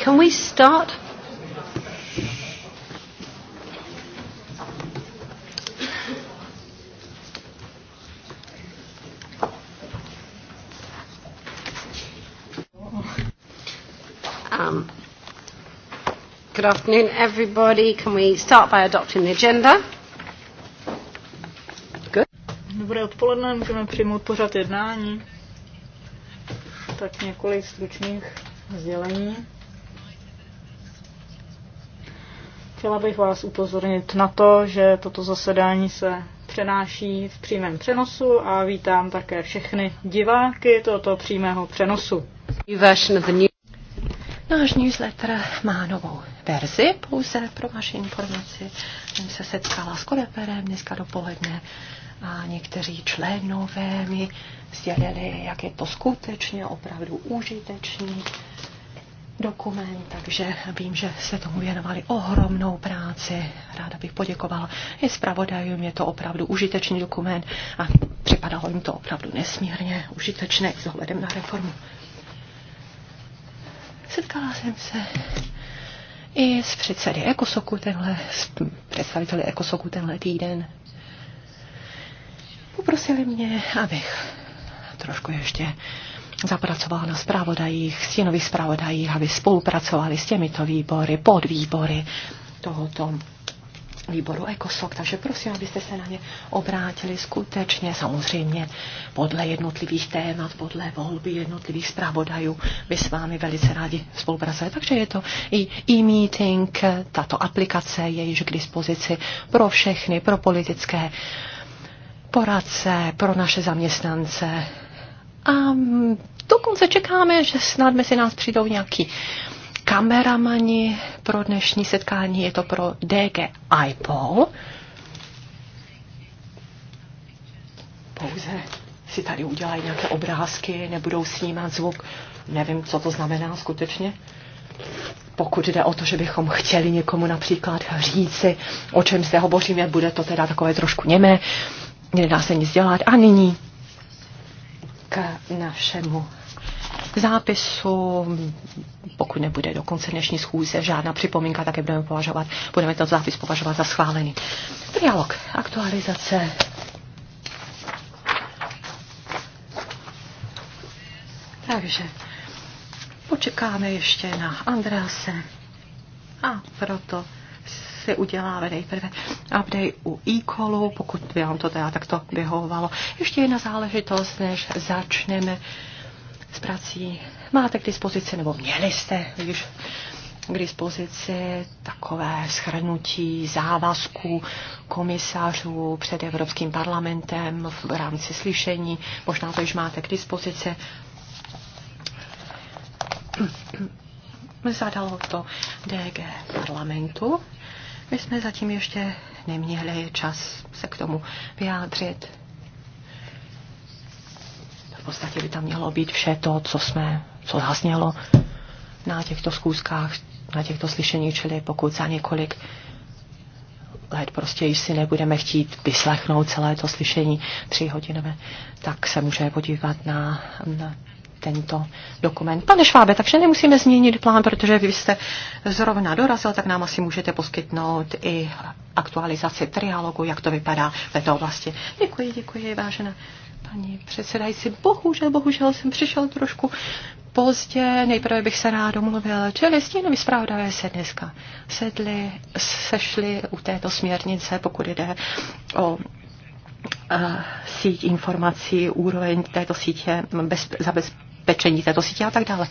Can we start? Um, good afternoon, everybody. Can we start by adopting the agenda? Dobré odpoledne, můžeme přijmout pořad jednání. Tak několik stručných sdělení. Chtěla bych vás upozornit na to, že toto zasedání se přenáší v přímém přenosu a vítám také všechny diváky tohoto přímého přenosu. Náš newsletter má novou verzi, pouze pro vaši informaci. Jsem se setkala s koreperem dneska dopoledne a někteří členové mi sdělili, jak je to skutečně opravdu užitečný dokument, takže vím, že se tomu věnovali ohromnou práci. Ráda bych poděkovala i zpravodajům, je to opravdu užitečný dokument a připadalo jim to opravdu nesmírně užitečné s ohledem na reformu. Setkala jsem se i s předsedy Ekosoku tenhle, s představiteli Ekosoku tenhle týden. Poprosili mě, abych trošku ještě zapracoval na zpravodajích, stěnových zpravodajích, aby spolupracovali s těmito výbory, podvýbory tohoto výboru ECOSOC, takže prosím, abyste se na ně obrátili skutečně, samozřejmě podle jednotlivých témat, podle volby jednotlivých zpravodajů by s vámi velice rádi spolupracovali. Takže je to i e-meeting, tato aplikace je již k dispozici pro všechny, pro politické poradce, pro naše zaměstnance, a dokonce čekáme, že snad mezi nás přijdou nějaký kameramani pro dnešní setkání. Je to pro DG iPol. Pouze si tady udělají nějaké obrázky, nebudou snímat zvuk. Nevím, co to znamená skutečně pokud jde o to, že bychom chtěli někomu například říci, o čem se hovoříme, bude to teda takové trošku němé, nedá se nic dělat. A nyní k našemu zápisu, pokud nebude do konce dnešní schůze žádná připomínka, tak je budeme považovat, budeme ten zápis považovat za schválený. Trialog, aktualizace. Takže počekáme ještě na Andrease a proto si uděláme nejprve update u e-callu, pokud by vám to teda takto vyhovovalo. Ještě jedna záležitost, než začneme s prací. Máte k dispozici, nebo měli jste, když k dispozici takové schrnutí závazků komisařů před Evropským parlamentem v rámci slyšení. Možná to již máte k dispozici. Zadalo to DG parlamentu my jsme zatím ještě neměli čas se k tomu vyjádřit. V podstatě by tam mělo být vše to, co jsme, co zhasnělo na těchto zkouškách, na těchto slyšení, čili pokud za několik let prostě, již si nebudeme chtít vyslechnout celé to slyšení tři hodinové, tak se můžeme podívat na, na tento dokument. Pane Švábe, takže nemusíme změnit plán, protože vy jste zrovna dorazil, tak nám asi můžete poskytnout i aktualizaci trialogu, jak to vypadá v této oblasti. Děkuji, děkuji, vážená paní předsedající. Bohužel, bohužel jsem přišel trošku pozdě, nejprve bych se rád omluvil, čili stínoví zpravodavé se dneska sedli, sešli u této směrnice, pokud jde o eh, síť informací, úroveň této sítě bez, zabez, pečení této sítě a tak dále.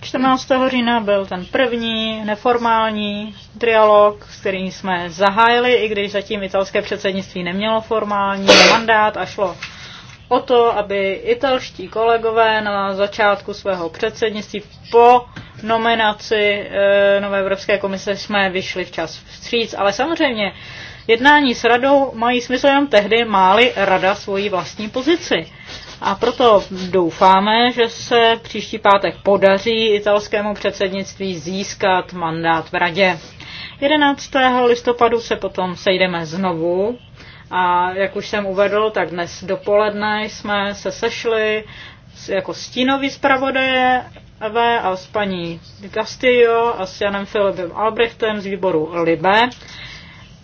14. října byl ten první neformální trialog, s kterým jsme zahájili, i když zatím italské předsednictví nemělo formální mandát a šlo o to, aby italští kolegové na začátku svého předsednictví po nominaci e, Nové Evropské komise jsme vyšli včas vstříc. Ale samozřejmě jednání s radou mají smysl jenom tehdy, máli rada svoji vlastní pozici. A proto doufáme, že se příští pátek podaří italskému předsednictví získat mandát v radě. 11. listopadu se potom sejdeme znovu a jak už jsem uvedl, tak dnes dopoledne jsme se sešli jako stínový zpravodaje a s paní Castillo a s Janem Filipem Albrechtem z výboru Libe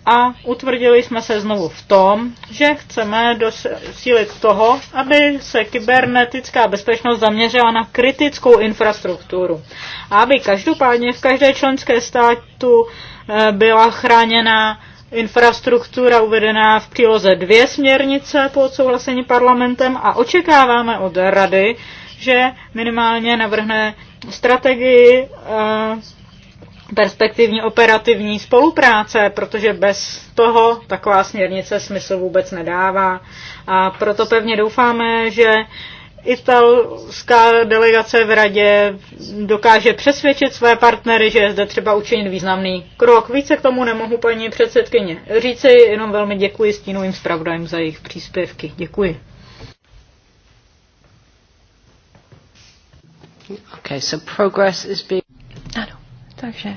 a utvrdili jsme se znovu v tom, že chceme dosílit toho, aby se kybernetická bezpečnost zaměřila na kritickou infrastrukturu a aby každopádně v každé členské státu eh, byla chráněna infrastruktura uvedená v příloze dvě směrnice po odsouhlasení parlamentem a očekáváme od rady, že minimálně navrhne strategii eh, perspektivní operativní spolupráce, protože bez toho taková směrnice smysl vůbec nedává. A proto pevně doufáme, že italská delegace v radě dokáže přesvědčit své partnery, že je zde třeba učinit významný krok. Více k tomu nemohu paní předsedkyně říci, jenom velmi děkuji stínovým zpravodajům za jejich příspěvky. Děkuji. Okay, so progress is being... Ano. Takže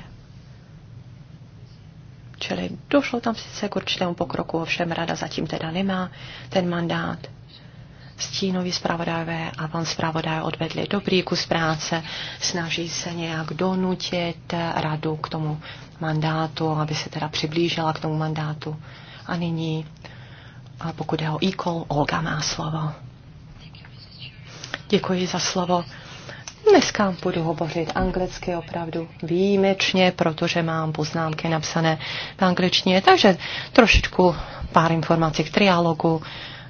Čili došlo tam sice k určitému pokroku, ovšem rada zatím teda nemá ten mandát. Stínoví zpravodajové a pan zpravodaj odvedli dobrý kus práce, snaží se nějak donutit radu k tomu mandátu, aby se teda přiblížila k tomu mandátu. A nyní, a pokud je o e Olga má slovo. Děkuji za slovo. Dneska budu hovořit anglicky opravdu výjimečně, protože mám poznámky napsané v angličtině, takže trošičku pár informací k triálogu.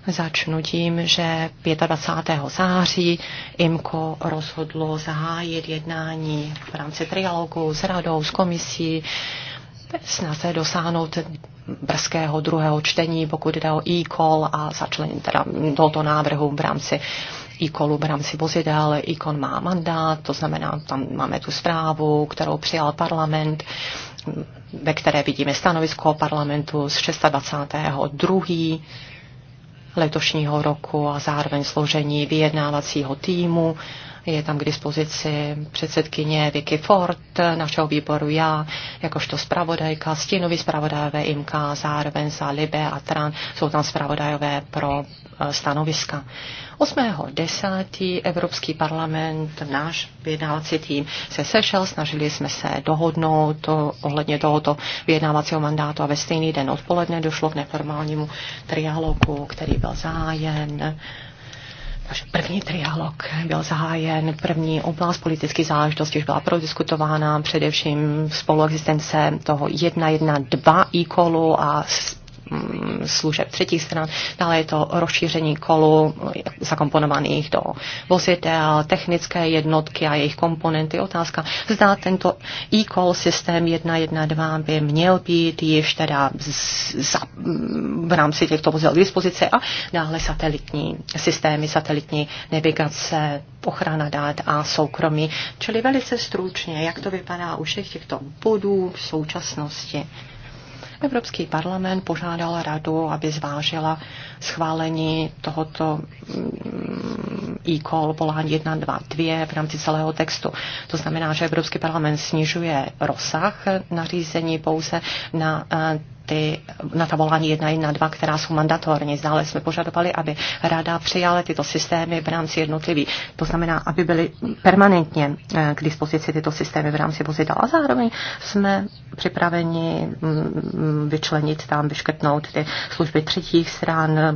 Začnu tím, že 25. září IMKO rozhodlo zahájit jednání v rámci trialogu s radou, s komisí, se dosáhnout brzkého druhého čtení, pokud jde o e-call a začlenit teda tohoto návrhu v rámci ikolu callu v rámci vozidel. Ikon má mandát, to znamená, tam máme tu zprávu, kterou přijal parlament ve které vidíme stanovisko parlamentu z 26.2. letošního roku a zároveň složení vyjednávacího týmu je tam k dispozici předsedkyně Vicky Ford, našeho výboru já, jakožto zpravodajka, stínový zpravodajové IMK, zároveň za Libe a Tran, jsou tam zpravodajové pro e, stanoviska. 8.10. Evropský parlament, náš vyjednávací tým se sešel, snažili jsme se dohodnout to, ohledně tohoto vyjednávacího mandátu a ve stejný den odpoledne došlo k neformálnímu trialogu, který byl zájem. Takže první trialog byl zahájen, první oblast politické záležitosti už byla prodiskutována, především spoluexistence toho 1.1.2 e-callu a Mm, služeb třetích stran. Dále je to rozšíření kolu zakomponovaných do vozidel, technické jednotky a jejich komponenty. Otázka, zda tento e-call systém 112 by měl být již teda za, mm, v rámci těchto vozidel k dispozici a dále satelitní systémy, satelitní navigace, ochrana dát a soukromí. Čili velice stručně, jak to vypadá u všech těchto bodů v současnosti. Evropský parlament požádal radu, aby zvážila schválení tohoto mm, e-call volání 2 v rámci celého textu. To znamená, že Evropský parlament snižuje rozsah nařízení pouze na eh, ty, na ta volání 1 2, která jsou mandatorní. Zdále jsme požadovali, aby rada přijala tyto systémy v rámci jednotlivý. To znamená, aby byly permanentně eh, k dispozici tyto systémy v rámci vozidla. A zároveň jsme připraveni mm, vyčlenit tam, vyškrtnout ty služby třetích stran,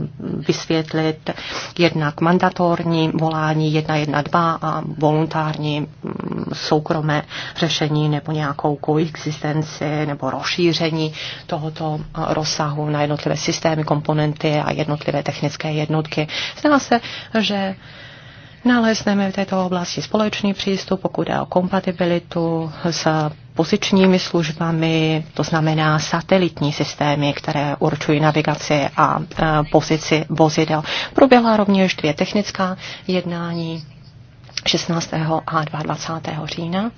vysvětlit jednak mandatorní volání 112 a voluntární mm, soukromé řešení nebo nějakou koexistenci nebo rozšíření tohoto tomto eh, rozsahu na jednotlivé systémy, komponenty a jednotlivé technické jednotky. Zdá se, že nalezneme v této oblasti společný přístup, pokud je o kompatibilitu s pozičními službami, to znamená satelitní systémy, které určují navigaci a eh, pozici vozidel. Proběhla rovněž dvě technická jednání 16. a 22. října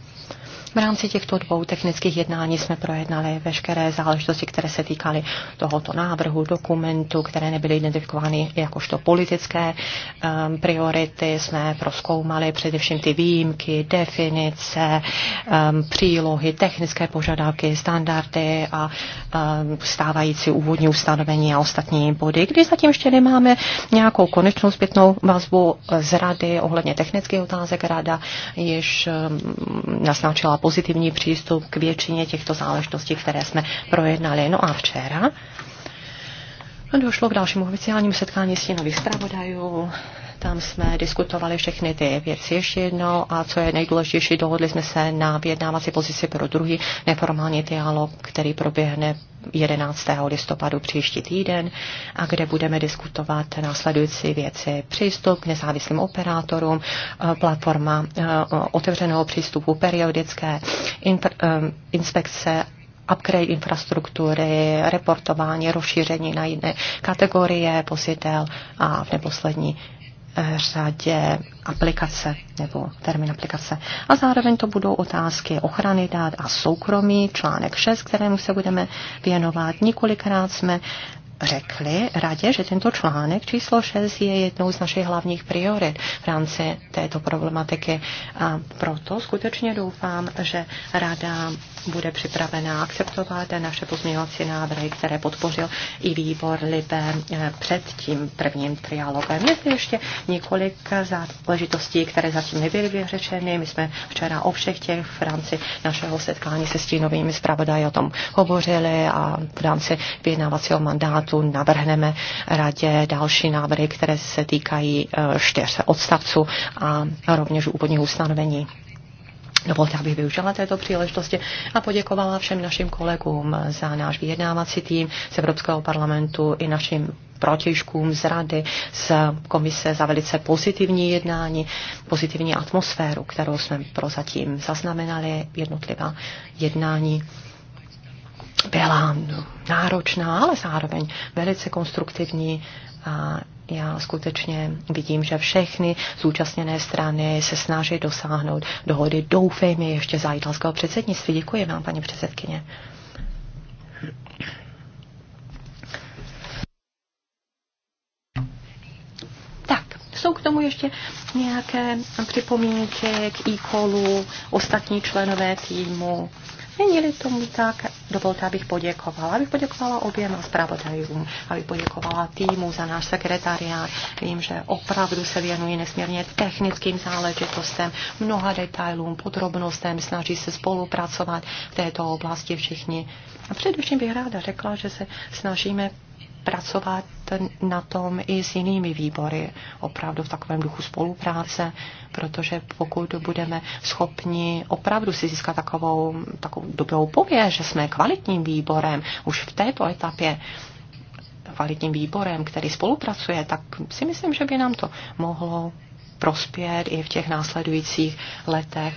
v rámci těchto dvou technických jednání jsme projednali veškeré záležitosti, které se týkaly tohoto návrhu, dokumentu, které nebyly identifikovány jakožto politické um, priority. Jsme proskoumali především ty výjimky, definice, um, přílohy, technické požadavky, standardy a um, stávající úvodní ustanovení a ostatní body, kdy zatím ještě nemáme nějakou konečnou zpětnou vazbu z rady ohledně technických otázek. Rada již um, naznačila pozitivní přístup k většině těchto záležitostí, které jsme projednali. No a včera došlo k dalšímu oficiálnímu setkání stínových zpravodajů tam jsme diskutovali všechny ty věci ještě jednou a co je nejdůležitější, dohodli jsme se na vyjednávací pozici pro druhý neformální dialog, který proběhne 11. listopadu příští týden a kde budeme diskutovat následující věci. Přístup k nezávislým operátorům, eh, platforma eh, otevřeného přístupu, periodické eh, inspekce upgrade infrastruktury, reportování, rozšíření na jiné kategorie posytel a v neposlední Eh, řadě aplikace nebo termín aplikace. A zároveň to budou otázky ochrany dát a soukromí, článek 6, kterému se budeme věnovat. Několikrát jsme řekli radě, že tento článek číslo 6 je jednou z našich hlavních priorit v rámci této problematiky. A proto skutečně doufám, že rada bude připravená akceptovat naše pozměňovací návrhy, které podpořil i výbor Libe eh, před tím prvním trialogem. Je ještě několik záležitostí, které zatím nebyly vyřešeny. My jsme včera o všech těch v rámci našeho setkání se stínovými zpravodaji o tom hovořili a v rámci vyjednávacího mandátu navrhneme radě další návrhy, které se týkají eh, čtyř odstavců a rovněž úvodního ustanovení. Dovolte, abych využila této příležitosti a poděkovala všem našim kolegům za náš vyjednávací tým z Evropského parlamentu i našim protěžkům z rady, z komise za velice pozitivní jednání, pozitivní atmosféru, kterou jsme prozatím zaznamenali, jednotlivá jednání byla náročná, ale zároveň velice konstruktivní a já skutečně vidím, že všechny zúčastněné strany se snaží dosáhnout dohody. Doufejme ještě za italského předsednictví. Děkuji vám, paní předsedkyně. Tak, Jsou k tomu ještě nějaké připomínky k e ostatní členové týmu? Není-li tomu tak, dovolte, abych poděkovala. Abych poděkovala oběma zpravodajům, abych poděkovala týmu za náš sekretariát. Vím, že opravdu se věnují nesmírně technickým záležitostem, mnoha detailům, podrobnostem, snaží se spolupracovat v této oblasti všichni. A především bych ráda řekla, že se snažíme pracovat na tom i s jinými výbory, opravdu v takovém duchu spolupráce, protože pokud budeme schopni opravdu si získat takovou, takovou dobrou pověst, že jsme kvalitním výborem už v této etapě, kvalitním výborem, který spolupracuje, tak si myslím, že by nám to mohlo prospět i v těch následujících letech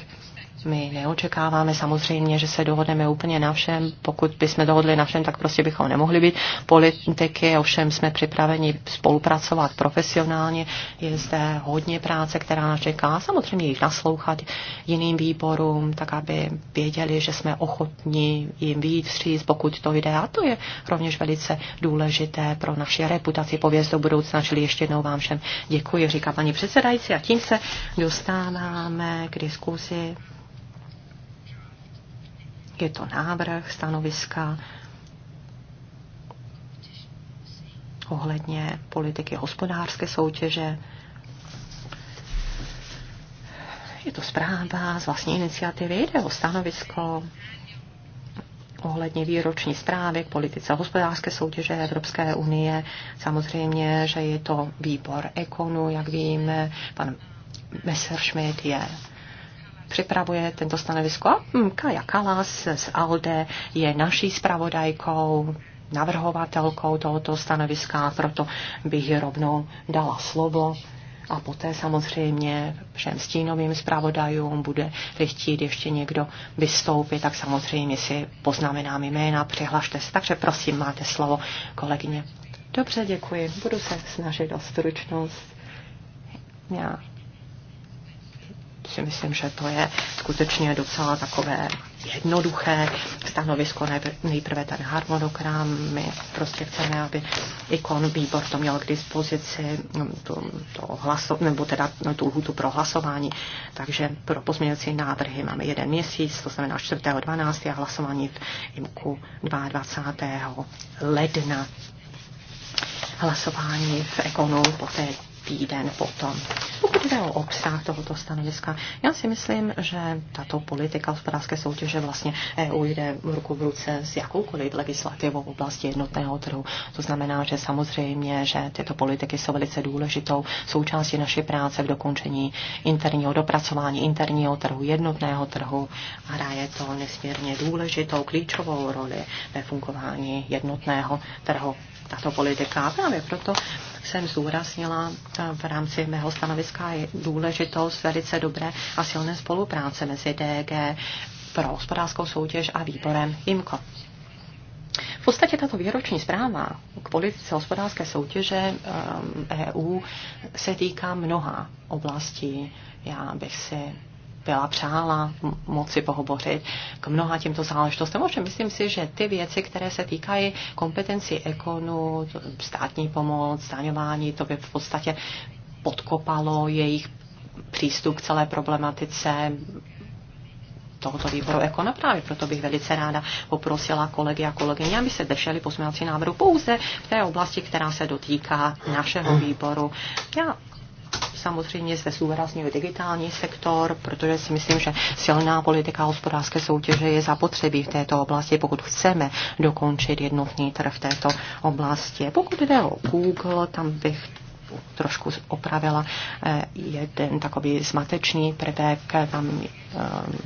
my neočekáváme samozřejmě, že se dohodneme úplně na všem. Pokud bychom dohodli na všem, tak prostě bychom nemohli být politiky, ovšem jsme připraveni spolupracovat profesionálně. Je zde hodně práce, která nás čeká. Samozřejmě jich naslouchat jiným výborům, tak aby věděli, že jsme ochotní jim víc říct, pokud to jde. A to je rovněž velice důležité pro naši reputaci, pověst do budoucna. Čili ještě jednou vám všem děkuji, říká paní předsedající. A tím se dostáváme k diskusi je to návrh stanoviska ohledně politiky hospodářské soutěže. Je to zpráva z vlastní iniciativy, jde o stanovisko ohledně výroční zprávy k politice hospodářské soutěže Evropské unie. Samozřejmě, že je to výbor ekonu, jak víme, pan Messerschmidt je připravuje tento stanovisko. Hm, Kaja Kalas z ALDE je naší zpravodajkou, navrhovatelkou tohoto stanoviska, proto bych rovnou dala slovo a poté samozřejmě všem stínovým zpravodajům bude chtít ještě někdo vystoupit, tak samozřejmě si poznamenám jména, přihlašte se. Takže prosím, máte slovo, kolegyně. Dobře, děkuji. Budu se snažit o stručnost. Já si myslím, že to je skutečně docela takové jednoduché stanovisko, nejprve ten harmonogram. My prostě chceme, aby ikon výbor to měl k dispozici, mm, to, to hlaso, nebo teda no, tu lhutu pro hlasování. Takže pro pozměňovací návrhy máme jeden měsíc, to znamená 4.12. a hlasování v IMKU 22. ledna hlasování v Ekonu poté týden potom. Pokud jde o obsah tohoto stanoviska, já si myslím, že tato politika hospodářské soutěže vlastně EU jde ruku v ruce s jakoukoliv legislativou v oblasti jednotného trhu. To znamená, že samozřejmě, že tyto politiky jsou velice důležitou součástí naší práce v dokončení interního dopracování interního trhu, jednotného trhu. Hraje to nesmírně důležitou klíčovou roli ve fungování jednotného trhu tato politika. právě proto jsem zdůraznila v rámci mého stanoviska je důležitost velice dobré a silné spolupráce mezi DG pro hospodářskou soutěž a výborem IMCO. V podstatě tato výroční zpráva k politice hospodářské soutěže um, EU se týká mnoha oblastí. Já bych si byla přála moci pohovořit k mnoha těmto záležitostem. Ovšem myslím si, že ty věci, které se týkají kompetenci ekonu, státní pomoc, zdaňování, to by v podstatě podkopalo jejich přístup k celé problematice tohoto výboru Ekona. Právě proto bych velice ráda poprosila kolegy a kolegyně, aby se drželi posměvací návrhu pouze v té oblasti, která se dotýká našeho výboru. Já samozřejmě zde zúrazňuji digitální sektor, protože si myslím, že silná politika hospodářské soutěže je zapotřebí v této oblasti, pokud chceme dokončit jednotný trh v této oblasti. Pokud jde o Google, tam bych trošku opravila eh, jeden takový zmatečný prvek, tam, eh,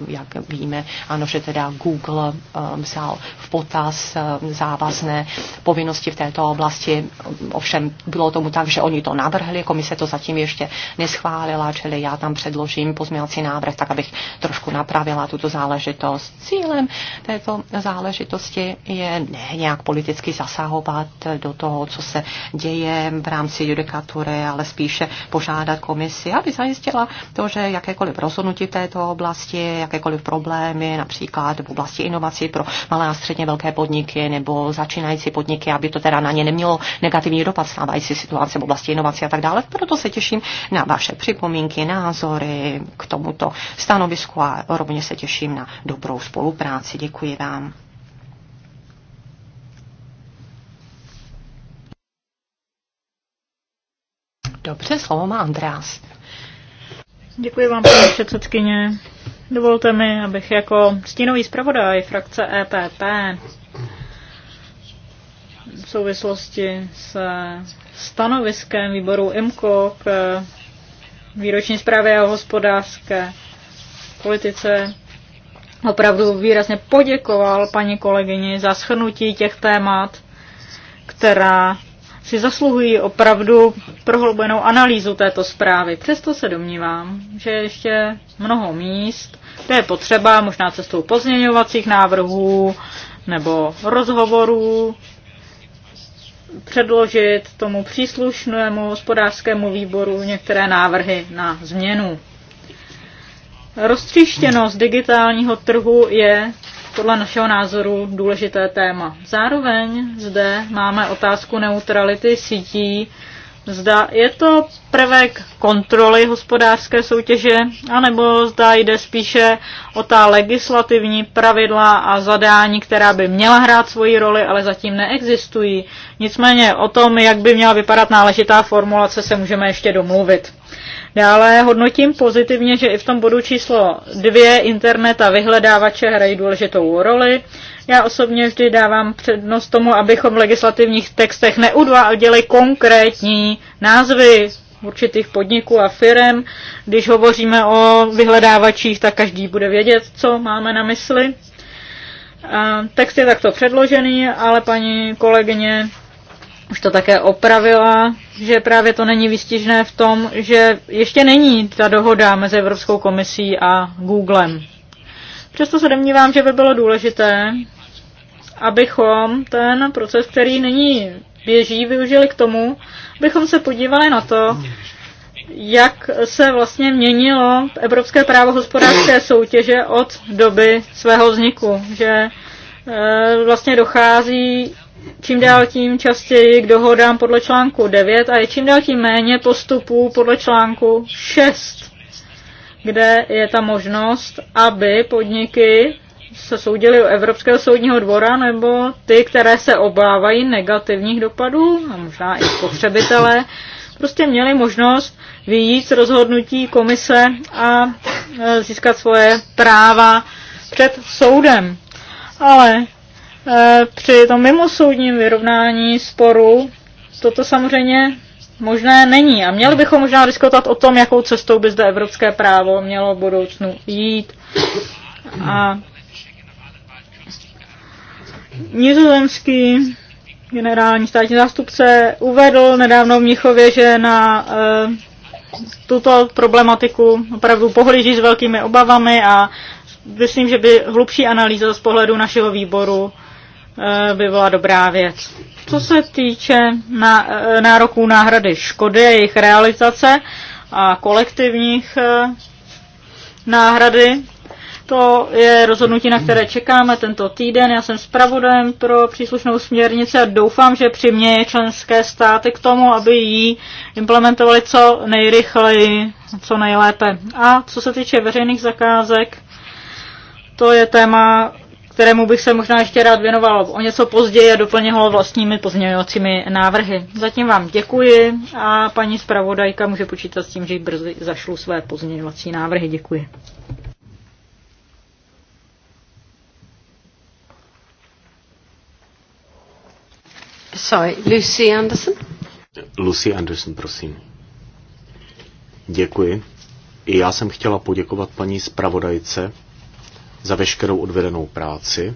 jak víme, ano, že teda Google eh, vzal v potaz závazné povinnosti v této oblasti, ovšem bylo tomu tak, že oni to navrhli, komise to zatím ještě neschválila, čili já tam předložím pozměňovací návrh, tak abych trošku napravila tuto záležitost. Cílem této záležitosti je ne nějak politicky zasahovat do toho, co se děje v rámci judikat prokuratury, ale spíše požádat komisi, aby zajistila to, že jakékoliv rozhodnutí v této oblasti, jakékoliv problémy, například v oblasti inovací pro malé a středně velké podniky nebo začínající podniky, aby to teda na ně nemělo negativní dopad stávající situace v oblasti inovací a tak dále. Proto se těším na vaše připomínky, názory k tomuto stanovisku a rovně se těším na dobrou spolupráci. Děkuji vám. Dobře, slovo má András. Děkuji vám, paní předsedkyně. Dovolte mi, abych jako stínový zpravodaj frakce EPP v souvislosti se stanoviskem výboru IMCO k výroční zprávě o hospodářské politice opravdu výrazně poděkoval paní kolegyni za shrnutí těch témat, která si zasluhují opravdu prohloubenou analýzu této zprávy. Přesto se domnívám, že ještě mnoho míst, kde je potřeba možná cestou pozměňovacích návrhů nebo rozhovorů předložit tomu příslušnému hospodářskému výboru některé návrhy na změnu. Roztříštěnost digitálního trhu je podle našeho názoru důležité téma. Zároveň zde máme otázku neutrality sítí. Zda je to prvek kontroly hospodářské soutěže, anebo zda jde spíše o ta legislativní pravidla a zadání, která by měla hrát svoji roli, ale zatím neexistují. Nicméně o tom, jak by měla vypadat náležitá formulace, se můžeme ještě domluvit. Dále hodnotím pozitivně, že i v tom bodu číslo dvě internet a vyhledávače hrají důležitou roli. Já osobně vždy dávám přednost tomu, abychom v legislativních textech neudváděli konkrétní názvy určitých podniků a firm. Když hovoříme o vyhledávačích, tak každý bude vědět, co máme na mysli. Text je takto předložený, ale paní kolegyně už to také opravila, že právě to není výstižné v tom, že ještě není ta dohoda mezi Evropskou komisí a Googlem. Přesto se domnívám, že by bylo důležité, abychom ten proces, který není běží, využili k tomu, abychom se podívali na to, jak se vlastně měnilo evropské právo hospodářské soutěže od doby svého vzniku, že e, vlastně dochází čím dál tím častěji k dohodám podle článku 9 a je čím dál tím méně postupů podle článku 6, kde je ta možnost, aby podniky se soudily u Evropského soudního dvora nebo ty, které se obávají negativních dopadů, a možná i spotřebitelé, prostě měli možnost vyjít z rozhodnutí komise a e, získat svoje práva před soudem. Ale Eh, při tom mimosoudním vyrovnání sporu toto samozřejmě možné není. A měli bychom možná diskutovat o tom, jakou cestou by zde evropské právo mělo v budoucnu jít. A nizozemský generální státní zástupce uvedl nedávno v Mnichově, že na e, tuto problematiku opravdu pohlíží s velkými obavami a myslím, že by hlubší analýza z pohledu našeho výboru Eh, by byla dobrá věc. Co se týče na, eh, nároků náhrady škody a jejich realizace a kolektivních eh, náhrady, to je rozhodnutí, na které čekáme tento týden. Já jsem zpravodajem pro příslušnou směrnici a doufám, že přiměje členské státy k tomu, aby ji implementovali co nejrychleji, co nejlépe. A co se týče veřejných zakázek, to je téma, kterému bych se možná ještě rád věnoval o něco později a doplně ho vlastními pozměňovacími návrhy. Zatím vám děkuji a paní zpravodajka může počítat s tím, že brzy zašlu své pozměňovací návrhy. Děkuji. Sorry, Lucy Anderson. Lucy Anderson, prosím. Děkuji. I já jsem chtěla poděkovat paní zpravodajce za veškerou odvedenou práci,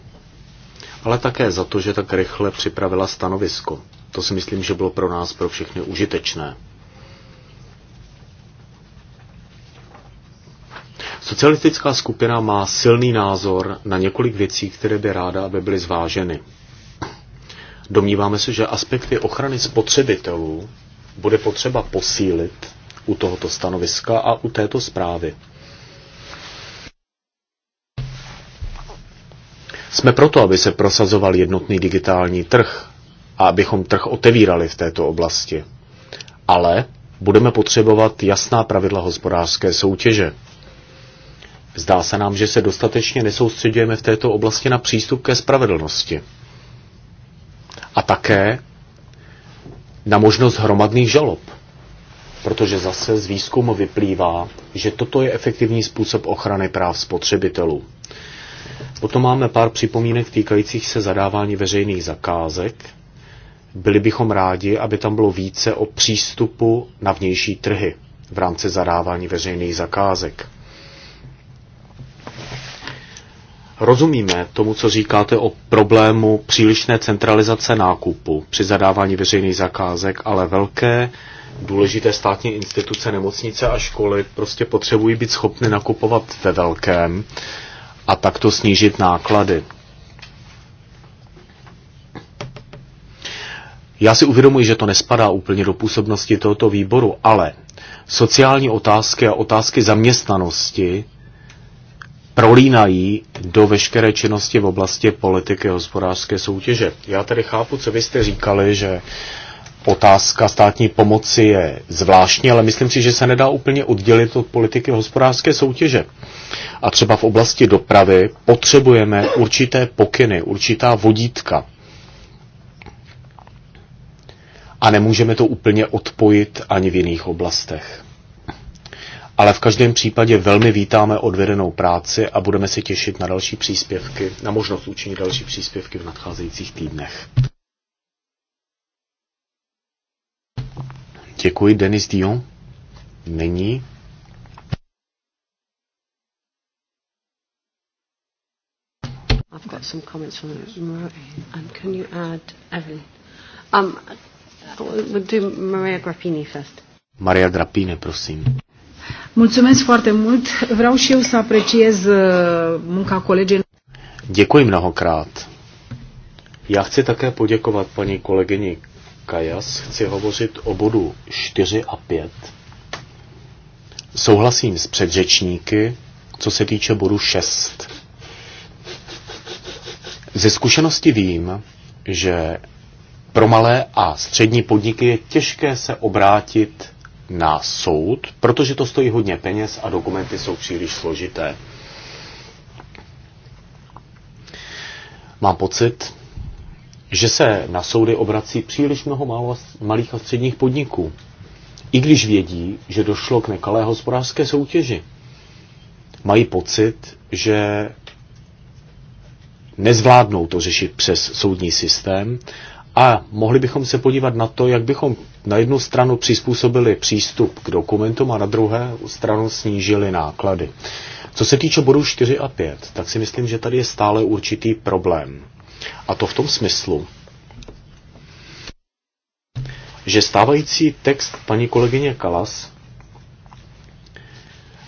ale také za to, že tak rychle připravila stanovisko. To si myslím, že bylo pro nás, pro všechny užitečné. Socialistická skupina má silný názor na několik věcí, které by ráda, aby byly zváženy. Domníváme se, že aspekty ochrany spotřebitelů bude potřeba posílit u tohoto stanoviska a u této zprávy. Jsme proto, aby se prosazoval jednotný digitální trh a abychom trh otevírali v této oblasti. Ale budeme potřebovat jasná pravidla hospodářské soutěže. Zdá se nám, že se dostatečně nesoustředujeme v této oblasti na přístup ke spravedlnosti. A také na možnost hromadných žalob. Protože zase z výzkumu vyplývá, že toto je efektivní způsob ochrany práv spotřebitelů. Potom máme pár připomínek týkajících se zadávání veřejných zakázek. Byli bychom rádi, aby tam bylo více o přístupu na vnější trhy v rámci zadávání veřejných zakázek. Rozumíme tomu, co říkáte o problému přílišné centralizace nákupu při zadávání veřejných zakázek, ale velké důležité státní instituce, nemocnice a školy prostě potřebují být schopny nakupovat ve velkém a takto snížit náklady. Já si uvědomuji, že to nespadá úplně do působnosti tohoto výboru, ale sociální otázky a otázky zaměstnanosti prolínají do veškeré činnosti v oblasti politiky hospodářské soutěže. Já tedy chápu, co vy jste říkali, že otázka státní pomoci je zvláštní, ale myslím si, že se nedá úplně oddělit od politiky hospodářské soutěže. A třeba v oblasti dopravy potřebujeme určité pokyny, určitá vodítka. A nemůžeme to úplně odpojit ani v jiných oblastech. Ale v každém případě velmi vítáme odvedenou práci a budeme se těšit na další příspěvky, na možnost učinit další příspěvky v nadcházejících týdnech. Děkuji, Denis Dion. Není. I've got some comments from Marie. And can you add Evelyn? Um, we'll do Maria Grappini first. Maria Grappini, prosím. Mulțumesc foarte mult. Vreau și eu să apreciez uh, munca colegii. Děkuji mnohokrát. Já chci také poděkovat paní kolegyni Kajas chci hovořit o bodu 4 a 5. Souhlasím s předřečníky, co se týče bodu 6. Ze zkušenosti vím, že pro malé a střední podniky je těžké se obrátit na soud, protože to stojí hodně peněz a dokumenty jsou příliš složité. Mám pocit, že se na soudy obrací příliš mnoho malých a středních podniků, i když vědí, že došlo k nekalé hospodářské soutěži. Mají pocit, že nezvládnou to řešit přes soudní systém a mohli bychom se podívat na to, jak bychom na jednu stranu přizpůsobili přístup k dokumentům a na druhé stranu snížili náklady. Co se týče bodů 4 a 5, tak si myslím, že tady je stále určitý problém. A to v tom smyslu, že stávající text paní kolegyně Kalas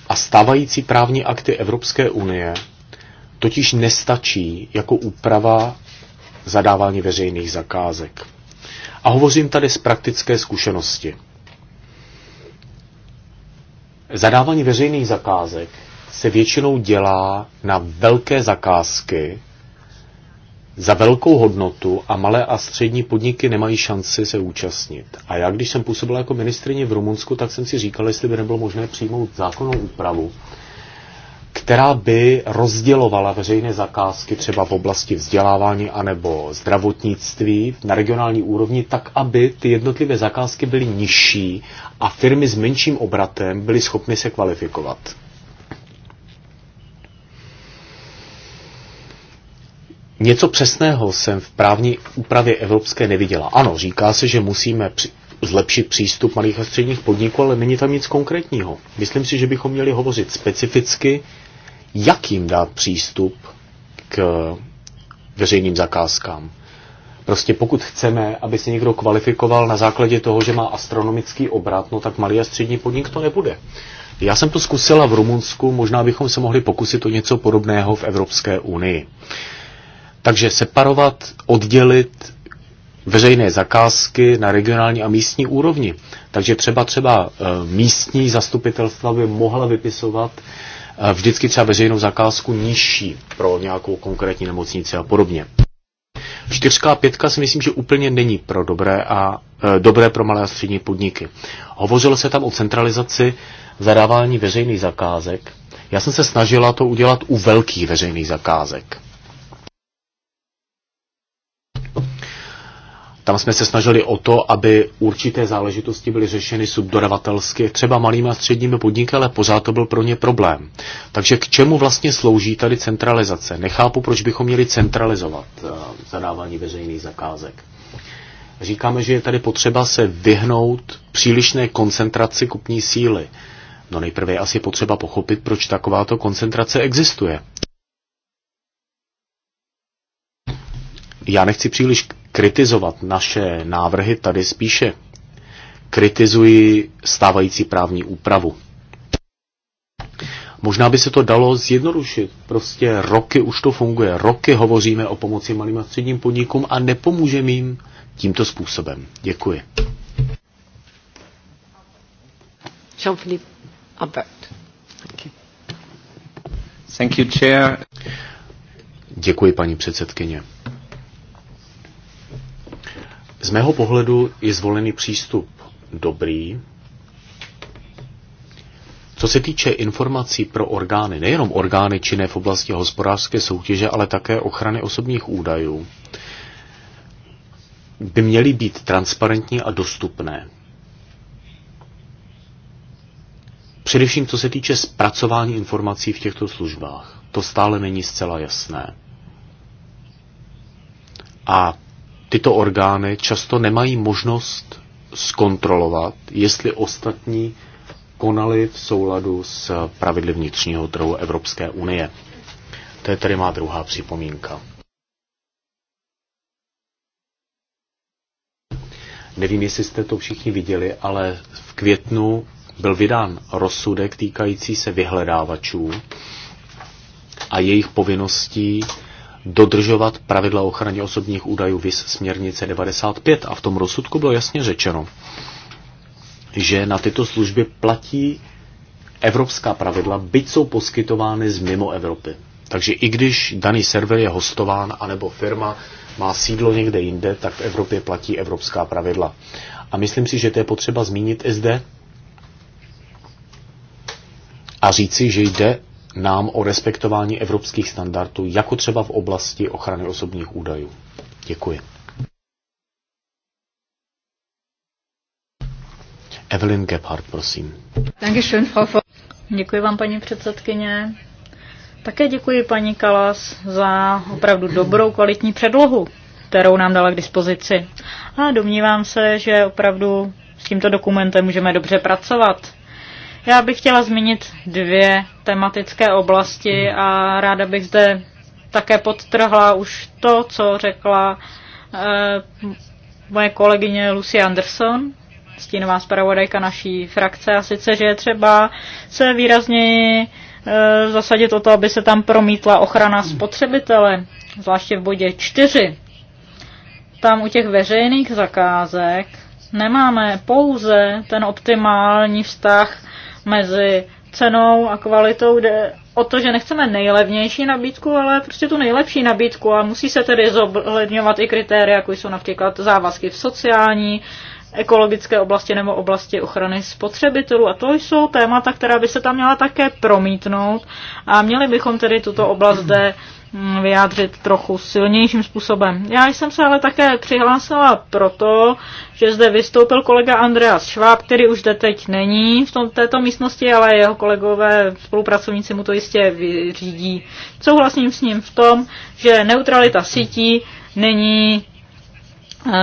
a stávající právní akty Evropské unie totiž nestačí jako úprava zadávání veřejných zakázek. A hovořím tady z praktické zkušenosti. Zadávání veřejných zakázek se většinou dělá na velké zakázky, za velkou hodnotu a malé a střední podniky nemají šanci se účastnit. A já, když jsem působil jako ministrině v Rumunsku, tak jsem si říkal, jestli by nebylo možné přijmout zákonnou úpravu, která by rozdělovala veřejné zakázky třeba v oblasti vzdělávání anebo zdravotnictví na regionální úrovni tak, aby ty jednotlivé zakázky byly nižší a firmy s menším obratem byly schopny se kvalifikovat. Něco přesného jsem v právní úpravě evropské neviděla. Ano, říká se, že musíme při- zlepšit přístup malých a středních podniků, ale není tam nic konkrétního. Myslím si, že bychom měli hovořit specificky, jak jim dát přístup k veřejným zakázkám. Prostě pokud chceme, aby se někdo kvalifikoval na základě toho, že má astronomický obrat, no tak malý a střední podnik to nebude. Já jsem to zkusila v Rumunsku, možná bychom se mohli pokusit o něco podobného v Evropské unii. Takže separovat, oddělit veřejné zakázky na regionální a místní úrovni. Takže třeba třeba eh, místní zastupitelstva by mohla vypisovat eh, vždycky třeba veřejnou zakázku nižší pro nějakou konkrétní nemocnici a podobně. Čtyřka a pětka si myslím, že úplně není pro dobré a e, dobré pro malé a střední podniky. Hovořilo se tam o centralizaci zadávání veřejných zakázek. Já jsem se snažila to udělat u velkých veřejných zakázek. Tam jsme se snažili o to, aby určité záležitosti byly řešeny subdodavatelsky, třeba malými a středními podniky, ale pořád to byl pro ně problém. Takže k čemu vlastně slouží tady centralizace? Nechápu, proč bychom měli centralizovat eh, zadávání veřejných zakázek. Říkáme, že je tady potřeba se vyhnout přílišné koncentraci kupní síly. No nejprve je asi potřeba pochopit, proč takováto koncentrace existuje. Já nechci příliš kritizovat naše návrhy, tady spíše kritizuji stávající právní úpravu. Možná by se to dalo zjednodušit. Prostě roky už to funguje. Roky hovoříme o pomoci malým a středním podnikům a nepomůžeme jim tímto způsobem. Děkuji. Albert. Thank you, chair. Děkuji, paní předsedkyně. Z mého pohledu je zvolený přístup dobrý. Co se týče informací pro orgány, nejenom orgány činné v oblasti hospodářské soutěže, ale také ochrany osobních údajů, by měly být transparentní a dostupné. Především co se týče zpracování informací v těchto službách. To stále není zcela jasné. A tyto orgány často nemají možnost zkontrolovat, jestli ostatní konali v souladu s pravidly vnitřního trhu Evropské unie. To je tedy má druhá připomínka. Nevím, jestli jste to všichni viděli, ale v květnu byl vydán rozsudek týkající se vyhledávačů a jejich povinností dodržovat pravidla ochrany ochraně osobních údajů VIS směrnice 95 a v tom rozsudku bylo jasně řečeno, že na tyto služby platí evropská pravidla, byť jsou poskytovány z mimo Evropy. Takže i když daný server je hostován, anebo firma má sídlo někde jinde, tak v Evropě platí evropská pravidla. A myslím si, že to je potřeba zmínit i zde a říci, že jde nám o respektování evropských standardů, jako třeba v oblasti ochrany osobních údajů. Děkuji. Evelyn Gebhardt, prosím. Děkuji vám, paní předsedkyně. Také děkuji paní Kalas za opravdu dobrou kvalitní předlohu, kterou nám dala k dispozici. A domnívám se, že opravdu s tímto dokumentem můžeme dobře pracovat. Já bych chtěla zmínit dvě tematické oblasti a ráda bych zde také podtrhla už to, co řekla eh, moje kolegyně Lucy Anderson, stínová zpravodajka naší frakce, a sice, že je třeba se výrazněji eh, zasadit o to, aby se tam promítla ochrana spotřebitele, zvláště v bodě 4. Tam u těch veřejných zakázek nemáme pouze ten optimální vztah mezi cenou a kvalitou jde o to, že nechceme nejlevnější nabídku, ale prostě tu nejlepší nabídku a musí se tedy zohledňovat i kritéria, jako jsou například závazky v sociální ekologické oblasti nebo oblasti ochrany spotřebitelů. A to jsou témata, která by se tam měla také promítnout a měli bychom tedy tuto oblast zde mm, vyjádřit trochu silnějším způsobem. Já jsem se ale také přihlásila proto, že zde vystoupil kolega Andreas Schwab, který už zde teď není v tom, této místnosti, ale jeho kolegové spolupracovníci mu to jistě vyřídí. Souhlasím s ním v tom, že neutralita sítí není uh,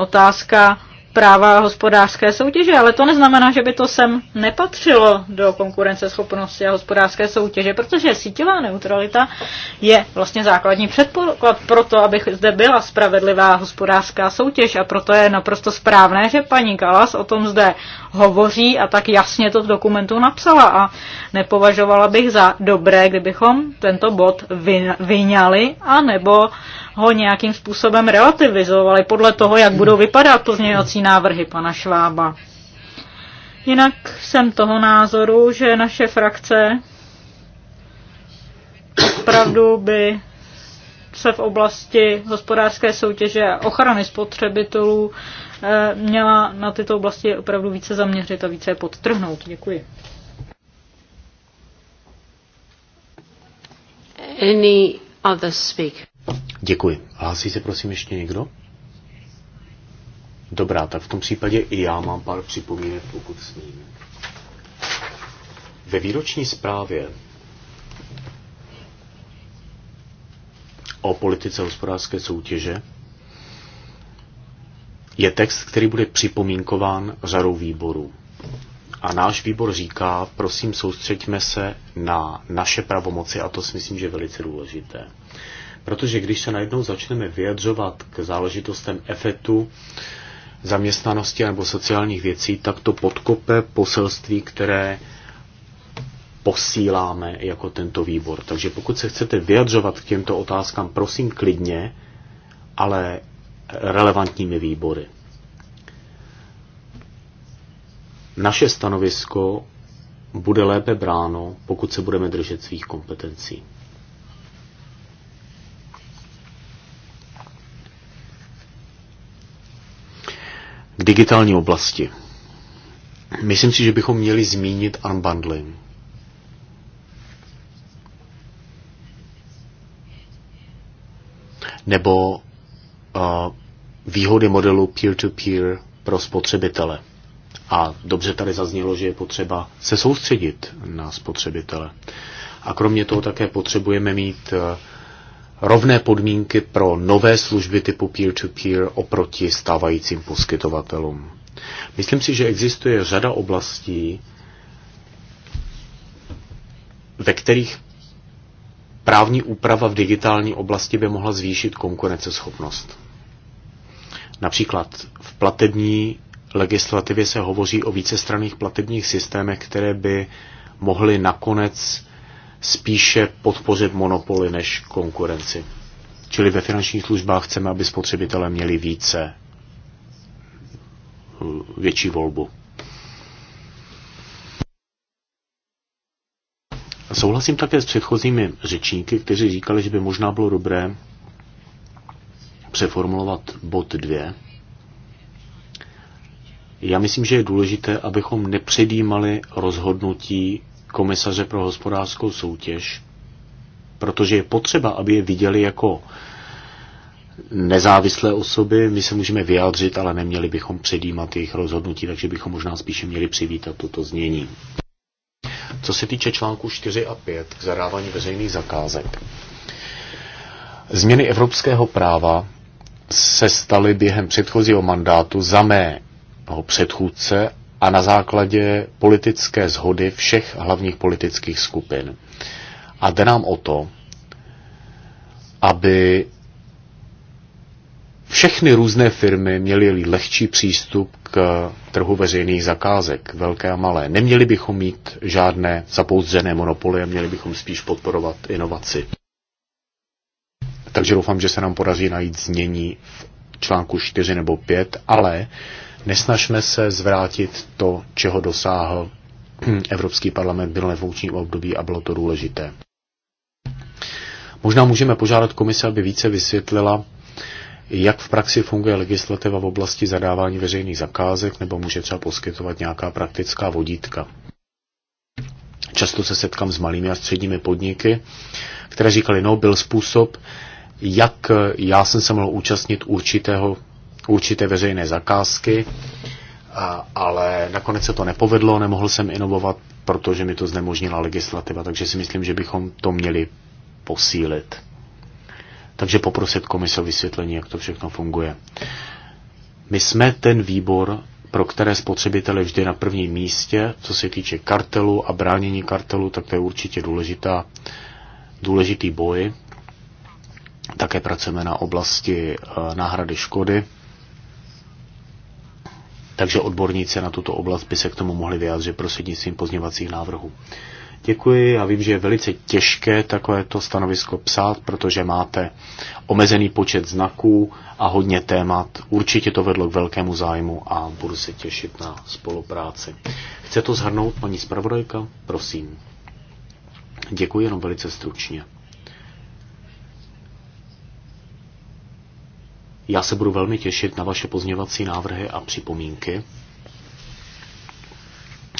otázka práva hospodářské soutěže, ale to neznamená, že by to sem nepatřilo do konkurenceschopnosti a hospodářské soutěže, protože síťová neutralita je vlastně základní předpoklad pro to, aby zde byla spravedlivá hospodářská soutěž a proto je naprosto správné, že paní Kalas o tom zde hovoří a tak jasně to v dokumentu napsala a nepovažovala bych za dobré, kdybychom tento bod vyňali a nebo ho nějakým způsobem relativizovali podle toho, jak budou vypadat pozměňovací návrhy pana Švába. Jinak jsem toho názoru, že naše frakce opravdu by se v oblasti hospodářské soutěže a ochrany spotřebitelů eh, měla na tyto oblasti opravdu více zaměřit a více je podtrhnout. Děkuji. Any other speaker? Děkuji. Hlásí se prosím ještě někdo? Dobrá, tak v tom případě i já mám pár připomínek, pokud ním. Ve výroční zprávě o politice hospodářské soutěže je text, který bude připomínkován řadou výborů. A náš výbor říká, prosím, soustřeďme se na naše pravomoci a to si myslím, že je velice důležité. Protože když se najednou začneme vyjadřovat k záležitostem efektu, zaměstnanosti nebo sociálních věcí, tak to podkope poselství, které posíláme jako tento výbor. Takže pokud se chcete vyjadřovat k těmto otázkám, prosím klidně, ale relevantními výbory. Naše stanovisko bude lépe bráno, pokud se budeme držet svých kompetencí. K digitální oblasti. Myslím si, že bychom měli zmínit unbundling. Nebo uh, výhody modelu peer-to-peer -peer pro spotřebitele. A dobře tady zaznělo, že je potřeba se soustředit na spotřebitele. A kromě toho také potřebujeme mít uh, rovné podmínky pro nové služby typu peer-to-peer -peer oproti stávajícím poskytovatelům. Myslím si, že existuje řada oblastí, ve kterých právní úprava v digitální oblasti by mohla zvýšit konkurenceschopnost. Například v platební legislativě se hovoří o vícestranných platebních systémech, které by mohly nakonec spíše podpořit monopoly než konkurenci. Čili ve finančních službách chceme, aby spotřebitelé měli více, eh, větší volbu. Souhlasím také s předchozími řečníky, kteří říkali, že by možná bylo dobré přeformulovat bod 2. Já myslím, že je důležité, abychom nepředjímali rozhodnutí komisaře pro hospodářskou soutěž, protože je potřeba, aby je viděli jako nezávislé osoby. My se můžeme vyjádřit, ale neměli bychom předjímat jejich rozhodnutí, takže bychom možná spíše měli přivítat toto znění. Co se týče článku 4 a 5 k zadávání veřejných zakázek. Změny evropského práva se staly během předchozího mandátu za mého předchůdce a na základě politické zhody všech hlavních politických skupin. A jde nám o to, aby všechny různé firmy měly lehčí přístup k trhu veřejných zakázek, velké a malé. Neměli bychom mít žádné zapouzřené monopoly a měli bychom spíš podporovat inovaci. Takže doufám, že se nám podaří najít změní v článku 4 nebo 5, ale Nesnažme se zvrátit to, čeho dosáhl Evropský parlament byl nefunkčním období a bylo to důležité. Možná můžeme požádat komise, aby více vysvětlila, jak v praxi funguje legislativa v oblasti zadávání veřejných zakázek, nebo může třeba poskytovat nějaká praktická vodítka. Často se setkám s malými a středními podniky, které říkali, no byl způsob, jak já jsem se mohl účastnit určitého určité veřejné zakázky, ale nakonec se to nepovedlo, nemohl jsem inovovat, protože mi to znemožnila legislativa, takže si myslím, že bychom to měli posílit. Takže poprosit komise o vysvětlení, jak to všechno funguje. My jsme ten výbor, pro které spotřebitele vždy na prvním místě, co se týče kartelu a bránění kartelu, tak to je určitě důležitá, důležitý boj. Také pracujeme na oblasti eh, náhrady škody takže odborníci na tuto oblast by se k tomu mohli vyjádřit prostřednictvím pozněvacích návrhů. Děkuji, já vím, že je velice těžké takovéto stanovisko psát, protože máte omezený počet znaků a hodně témat. Určitě to vedlo k velkému zájmu a budu se těšit na spolupráci. Chce to zhrnout paní zpravodajka? Prosím. Děkuji jenom velice stručně. Já se budu velmi těšit na vaše pozněvací návrhy a připomínky.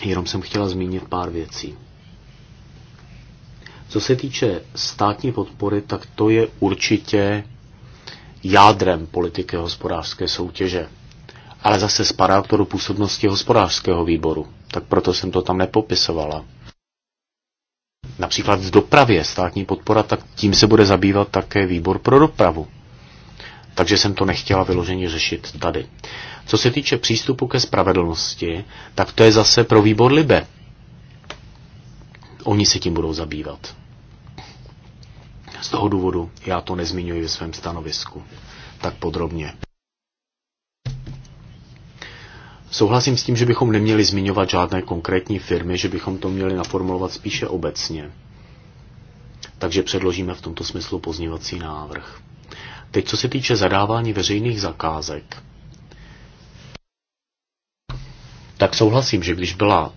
Jenom jsem chtěla zmínit pár věcí. Co se týče státní podpory, tak to je určitě jádrem politiky hospodářské soutěže. Ale zase spadá to do působnosti hospodářského výboru, tak proto jsem to tam nepopisovala. Například v dopravě státní podpora, tak tím se bude zabývat také výbor pro dopravu takže jsem to nechtěla vyloženě řešit tady. Co se týče přístupu ke spravedlnosti, tak to je zase pro výbor Libe. Oni se tím budou zabývat. Z toho důvodu já to nezmiňuji ve svém stanovisku tak podrobně. Souhlasím s tím, že bychom neměli zmiňovat žádné konkrétní firmy, že bychom to měli naformulovat spíše obecně. Takže předložíme v tomto smyslu pozněvací návrh. Teď, co se týče zadávání veřejných zakázek, tak souhlasím, že když byla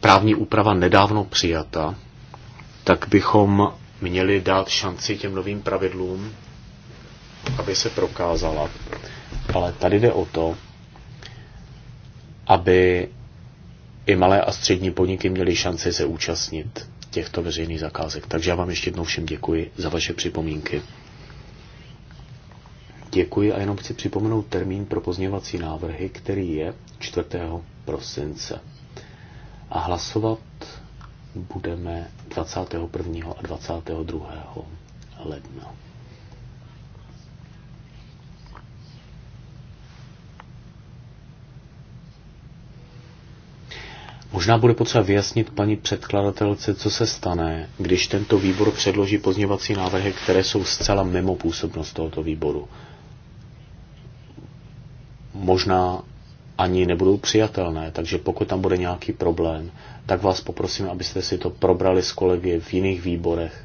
právní úprava nedávno přijata, tak bychom měli dát šanci těm novým pravidlům, aby se prokázala. Ale tady jde o to, aby i malé a střední podniky měly šanci se účastnit těchto veřejných zakázek. Takže já vám ještě jednou všem děkuji za vaše připomínky. Děkuji a jenom chci připomenout termín pro pozněvací návrhy, který je 4. prosince. A hlasovat budeme 21. a 22. ledna. Možná bude potřeba vyjasnit paní předkladatelce, co se stane, když tento výbor předloží pozněvací návrhy, které jsou zcela mimo působnost tohoto výboru možná ani nebudou přijatelné. Takže pokud tam bude nějaký problém, tak vás poprosím, abyste si to probrali s kolegy v jiných výborech,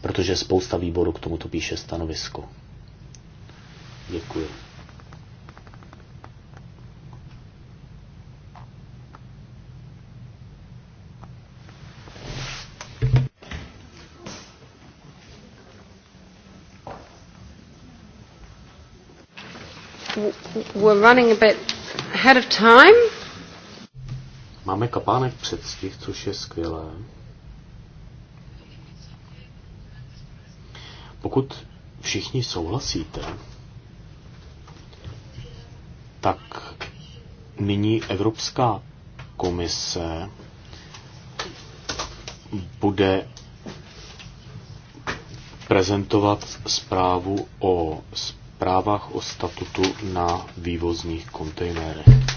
protože spousta výborů k tomuto píše stanovisko. Děkuji. we're running a bit ahead of time. Máme kapánek předstih, což je skvělé. Pokud všichni souhlasíte, tak nyní Evropská komise bude prezentovat zprávu o právách o statutu na vývozních kontejnerech.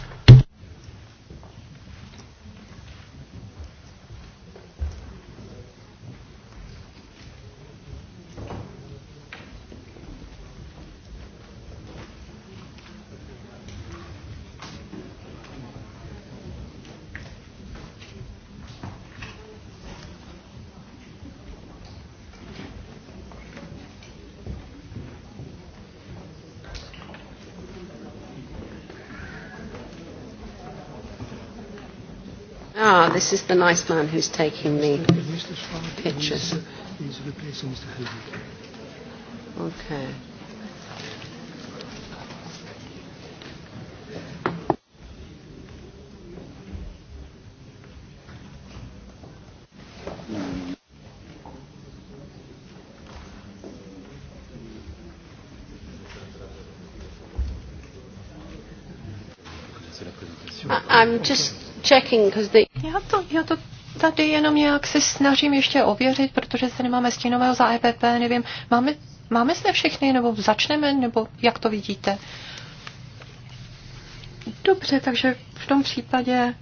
This is the nice man who's taking the pictures. Okay. I'm just checking because the já to tady jenom nějak se snažím ještě ověřit, protože se nemáme stínového za EPP, nevím, máme, máme zde všechny, nebo začneme, nebo jak to vidíte? Dobře, takže v tom případě,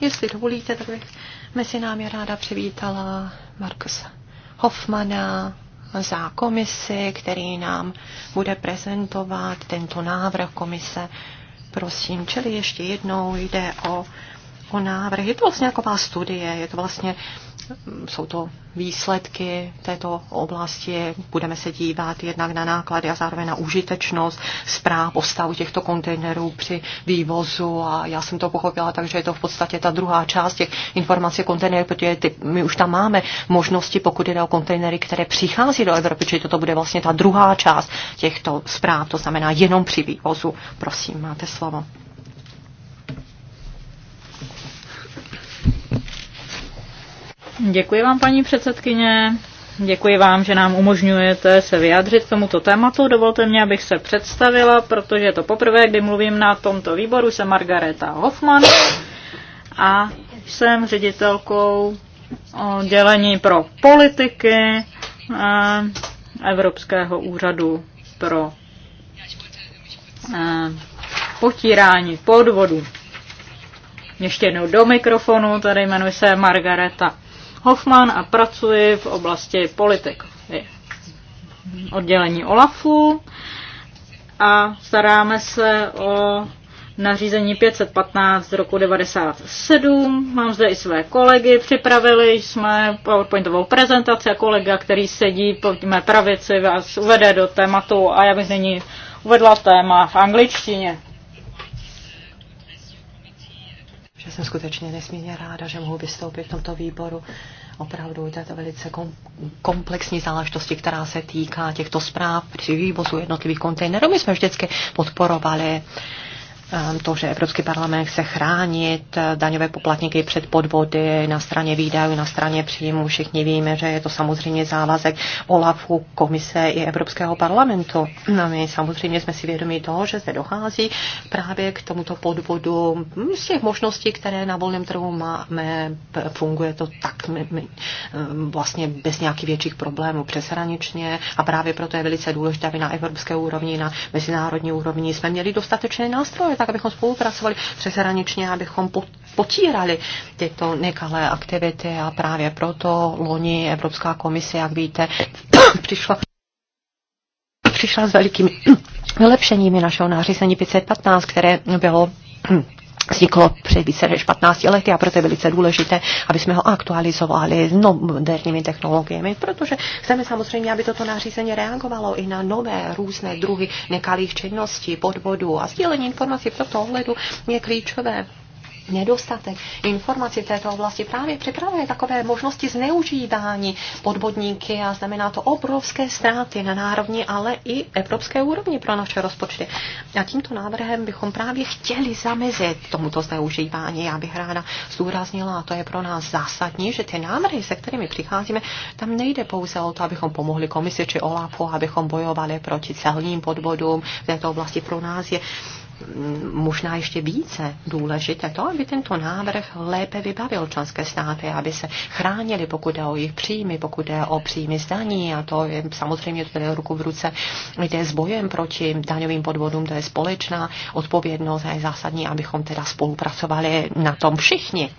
jestli dovolíte, tak bych mezi námi ráda přivítala Markusa Hoffmana za komisi, který nám bude prezentovat tento návrh komise. Prosím, čili ještě jednou jde o o jako návrhy. Je to vlastně jako taková studie, je to vlastně, mm, jsou to výsledky této oblasti. Budeme se dívat jednak na náklady a zároveň na užitečnost zpráv o stavu těchto kontejnerů při vývozu a já jsem to pochopila, takže je to v podstatě ta druhá část těch informací kontejnerů, protože ty, my už tam máme možnosti, pokud jde o kontejnery, které přichází do Evropy, čili toto bude vlastně ta druhá část těchto zpráv, to znamená jenom při vývozu. Prosím, máte slovo. Děkuji vám, paní předsedkyně. Děkuji vám, že nám umožňujete se vyjádřit k tomuto tématu. Dovolte mě, abych se představila, protože je to poprvé, kdy mluvím na tomto výboru. Jsem Margareta Hoffman a jsem ředitelkou dělení pro politiky eh, Evropského úřadu pro eh, potírání podvodu. Ještě jednou do mikrofonu, tady jmenuji se Margareta Hoffman a pracuji v oblasti politik oddělení OLAFu a staráme se o nařízení 515 z roku 97. Mám zde i své kolegy, připravili jsme PowerPointovou prezentaci a kolega, který sedí po mé pravici, vás uvede do tématu a já bych nyní uvedla téma v angličtině. že jsem skutečně nesmírně ráda, že mohu vystoupit v tomto výboru. Opravdu této velice komplexní záležitosti, která se týká těchto zpráv při vývozu jednotlivých kontejnerů. My jsme vždycky podporovali uh, Ehm, to, že Evropský parlament chce chránit eh, daňové poplatníky před podvody na straně výdajů, na straně příjmů. Všichni víme, že je to samozřejmě závazek OLAFu, komise i Evropského parlamentu. No my samozřejmě jsme si vědomi toho, že zde dochází právě k tomuto podvodu. Z těch možností, které na volném trhu máme, funguje to tak ehm, vlastně bez nějakých větších problémů přeshraničně a právě proto je velice důležité, aby na evropské úrovni, na mezinárodní úrovni jsme měli dostatečné nástroje tak abychom spolupracovali přeshraničně, abychom potírali tyto nekalé aktivity a právě proto loni Evropská komise, jak víte, přišla přišla s velikými vylepšeními našeho nářízení 515, které bylo vzniklo před více než 15 lety a proto je velice důležité, aby jsme ho aktualizovali s moderními technologiemi, protože chceme samozřejmě, aby toto nařízení reagovalo i na nové různé druhy nekalých činností, podvodů a sdílení informací v tomto ohledu je klíčové nedostatek informací v této oblasti právě připravuje takové možnosti zneužívání podvodníky a znamená to obrovské ztráty na národní, ale i evropské úrovni pro naše rozpočty. A tímto návrhem bychom právě chtěli zamezit tomuto zneužívání. Já bych ráda zdůraznila, a to je pro nás zásadní, že ty návrhy, se kterými přicházíme, tam nejde pouze o to, abychom pomohli komisi či OLAFu, abychom bojovali proti celním podvodům v této oblasti. Pro nás je možná ještě více důležité to, aby tento návrh lépe vybavil členské státy, aby se chránili, pokud jde o jejich příjmy, pokud jde o příjmy zdaní a to je samozřejmě to ruku v ruce jde s bojem proti daňovým podvodům, to je společná odpovědnost a je zásadní, abychom teda spolupracovali na tom všichni.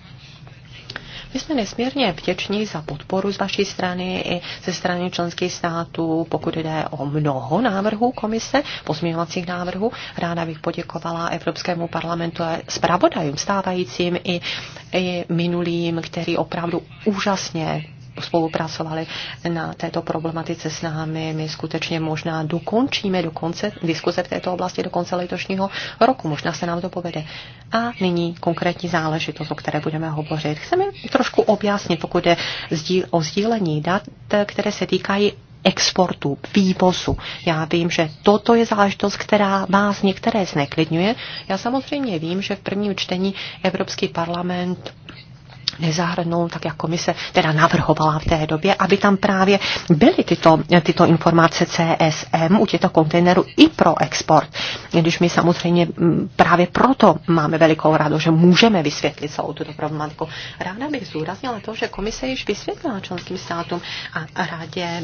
My jsme nesmírně vděční za podporu z vaší strany i ze strany členských států, pokud jde o mnoho návrhů komise, pozměňovacích návrhů. Ráda bych poděkovala Evropskému parlamentu a zpravodajům stávajícím i, i minulým, který opravdu úžasně spolupracovali na této problematice s námi. My skutečně možná dokončíme do konce, diskuse v této oblasti do konce letošního roku. Možná se nám to povede. A nyní konkrétní záležitost, o které budeme hovořit. Chceme trošku objasnit, pokud je o sdílení dat, které se týkají exportu, vývozu. Já vím, že toto je záležitost, která vás některé zneklidňuje. Já samozřejmě vím, že v prvním čtení Evropský parlament nezahrnul, tak jak komise teda navrhovala v té době, aby tam právě byly tyto, tyto informace CSM u těchto kontejnerů i pro export. Když my samozřejmě mm, právě proto máme velikou radost, že můžeme vysvětlit celou tuto problematiku. Ráda bych zdůraznila to, že komise již vysvětlila členským státům a rádě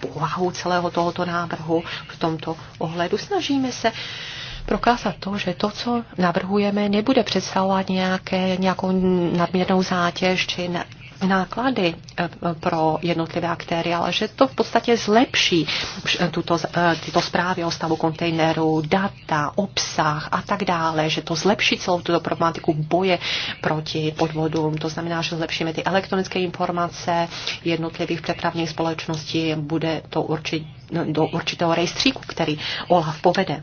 povahu celého tohoto návrhu v tomto ohledu. Snažíme se uh, prokázat to, že to, co navrhujeme, nebude představovat nějaké, nějakou nadměrnou zátěž či náklady eh, pro jednotlivé aktéry, ale že to v podstatě zlepší eh, tuto, eh, tyto zprávy o stavu kontejnerů, data, obsah a tak dále, že to zlepší celou tuto problematiku boje proti podvodům. To znamená, že zlepšíme ty elektronické informace jednotlivých přepravních společností, bude to určit, do určitého rejstříku, který OLAF povede.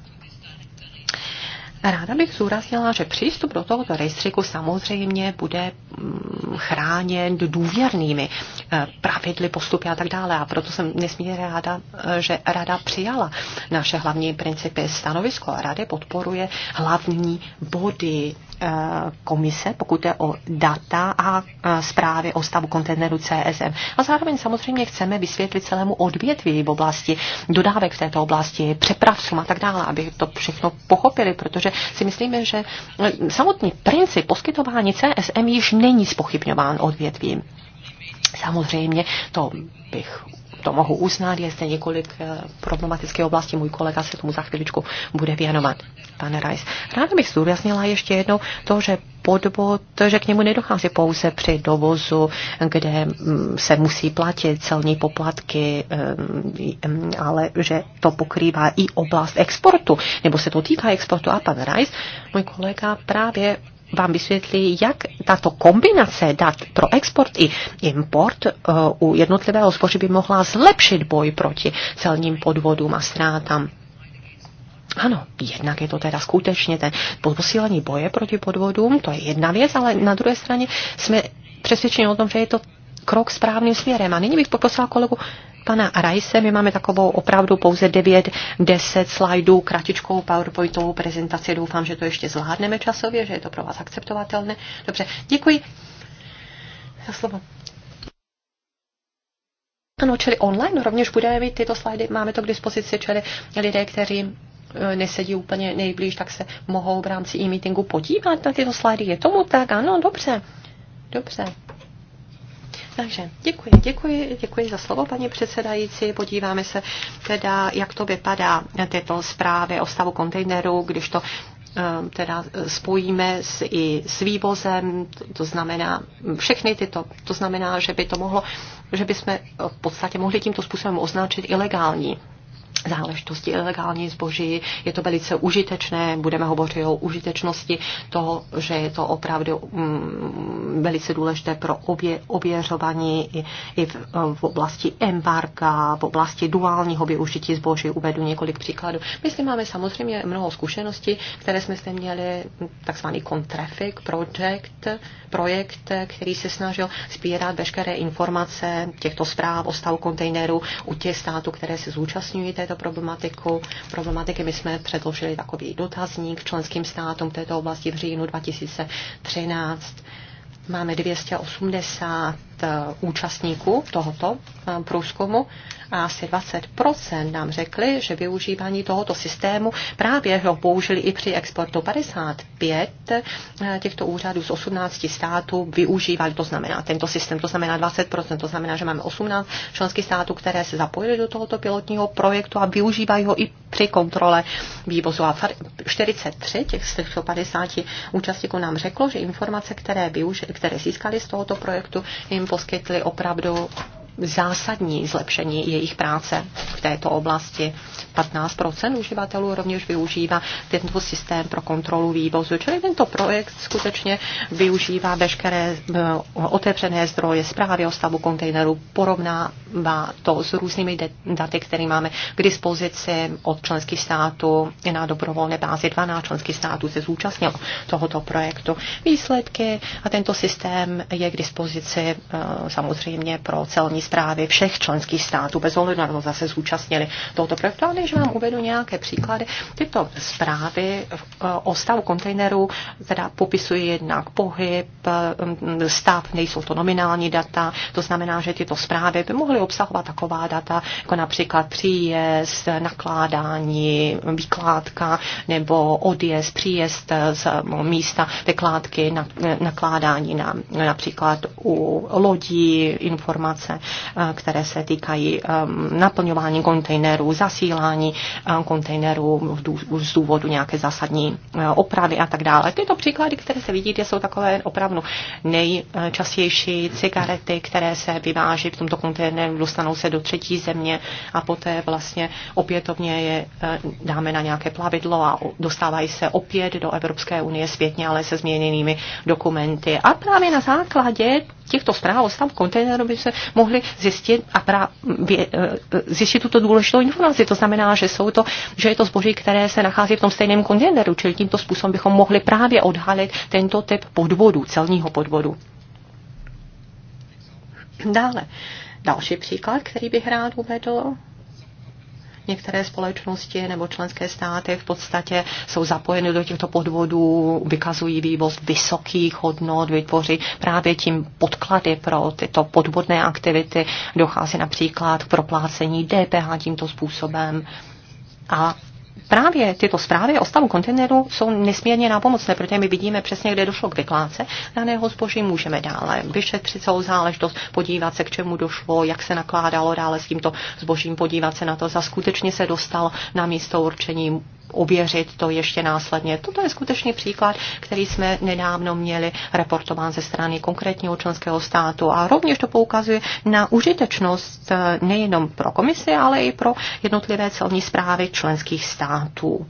Ráda bych zúraznila, že přístup do tohoto rejstříku samozřejmě bude mm, chráněn důvěrnými eh, pravidly, postupy a tak dále. A proto jsem nesmírně ráda, eh, že Rada přijala naše hlavní principy. Stanovisko Rady podporuje hlavní body Eh, komise, pokud je o data a eh, zprávy o stavu kontejneru CSM. A zároveň samozřejmě chceme vysvětlit celému odvětví v oblasti dodávek v této oblasti, přepravcům a tak dále, aby to všechno pochopili, protože si myslíme, že eh, samotný princip poskytování CSM již není spochybňován odvětvím. Samozřejmě to bych to mohu uznat, je zde několik eh, problematických oblastí, můj kolega se tomu za chviličku bude věnovat, pan Rajs. Ráda bych zdůraznila ještě jednou to, že podvod, že k němu nedochází pouze při dovozu, kde mm, se musí platit celní poplatky, eh, mm, ale že to pokrývá i oblast exportu, nebo se to týká exportu. A pan Rajs, můj kolega, právě vám vysvětlí, jak tato kombinace dat pro export i import uh, u jednotlivého zboží by mohla zlepšit boj proti celním podvodům a ztrátám. Ano, jednak je to teda skutečně ten posílení boje proti podvodům, to je jedna věc, ale na druhé straně jsme přesvědčeni o tom, že je to krok správným směrem. A nyní bych poprosila kolegu pana Rajse my máme takovou opravdu pouze 9-10 slajdů, kratičkou PowerPointovou prezentaci. Doufám, že to ještě zvládneme časově, že je to pro vás akceptovatelné. Dobře, děkuji za slovo. Ano, čili online rovněž budeme mít tyto slajdy, máme to k dispozici, čili lidé, kteří e, nesedí úplně nejblíž, tak se mohou v rámci e-meetingu podívat na tyto slajdy. Je tomu tak? Ano, dobře. Dobře. Takže děkuji, děkuji, děkuji za slovo, paní předsedající. Podíváme se teda, jak to vypadá tyto zprávy o stavu kontejnerů, když to eh, teda spojíme s, i s vývozem, to, to znamená všechny tyto, to znamená, že by to mohlo, že by jsme v podstatě mohli tímto způsobem označit ilegální záležitosti ilegální zboží. Je to velice užitečné, budeme hovořit o užitečnosti toho, že je to opravdu mm, velice důležité pro obě, ověřování i, i v, v oblasti embarga, v oblasti duálního využití zboží. Uvedu několik příkladů. My si máme samozřejmě mnoho zkušeností, které jsme zde měli, mm, takzvaný Contrafic project, projekt, který se snažil sbírat veškeré informace těchto zpráv o stavu kontejnerů u těch států, které se zúčastňují této tuto problematiku. Problematiky my jsme předložili takový dotazník členským státům v této oblasti v říjnu 2013. Máme 280 eh, účastníků tohoto eh, průzkumu a asi 20% nám řekli, že využívání tohoto systému právě ho použili i při exportu. 55 eh, těchto úřadů z 18 států využívali, to znamená tento systém, to znamená 20%, to znamená, že máme 18 členských států, které se zapojily do tohoto pilotního projektu a využívají ho i při kontrole vývozu. A 43 těch z těchto 50 účastníků nám řeklo, že informace, které, využ- které získali z tohoto projektu, jim poskytly opravdu zásadní zlepšení jejich práce v této oblasti. 15 uživatelů rovněž využívá tento systém pro kontrolu vývozu, čili tento projekt skutečně využívá veškeré eh, otevřené zdroje zprávy o stavu kontejnerů, porovnává to s různými daty, které máme k dispozici od členských států na dobrovolné bázi. 12 členských států se zúčastnilo tohoto projektu. Výsledky a tento systém je k dispozici eh, samozřejmě pro celní Správy všech členských států, bez ohledu na to zase zúčastnili tohoto projektu. A než vám uvedu nějaké příklady, tyto zprávy eh, o stavu kontejnerů teda popisují jednak pohyb, mm, stav, nejsou to nominální data, to znamená, že tyto zprávy by mohly obsahovat taková data, jako například příjezd, nakládání, vykládka nebo odjezd, příjezd z mm, místa vykládky, nakládání na, například u lodí, informace Eh, které se týkají eh, naplňování kontejnerů, zasílání eh, kontejnerů z důvodu nějaké zásadní opravy a tak dále. Tyto příklady, které se vidíte, jsou takové opravdu nejčastější cigarety, které se vyváží v tomto kontejneru, dostanou se do třetí země a poté vlastně opětovně je dáme na nějaké plavidlo a dostávají se opět do Evropské unie zpětně, ale se změněnými dokumenty. A právě na základě těchto zpráv o stavu kontejneru by se mohli zjistit a právě eh, zjistit tuto důležitou informaci. To znamená, že jsou to, že je to zboží, které se nachází v tom stejném kontejneru, čili tímto způsobem bychom mohli právě odhalit tento typ podvodu, celního podvodu. Dále, další příklad, který bych rád uvedl, Některé společnosti nebo členské státy v podstatě jsou zapojeny do těchto podvodů, vykazují vývoz vysokých hodnot, vytvoří právě tím podklady pro tyto podvodné aktivity. Dochází například k proplácení DPH tímto způsobem a právě tyto zprávy o stavu kontejneru jsou nesmírně nápomocné, protože my vidíme přesně, kde došlo k vykládce daného zboží. Můžeme dále vyšetřit celou záležitost, podívat se, k čemu došlo, jak se nakládalo dále s tímto zbožím, podívat se na to, za skutečně se dostal na místo určení ověřit to ještě následně. Toto je skutečně příklad, který jsme nedávno měli reportován ze strany konkrétního členského státu a rovněž to poukazuje na užitečnost eh, nejenom pro komisi, ale i pro jednotlivé celní zprávy členských států.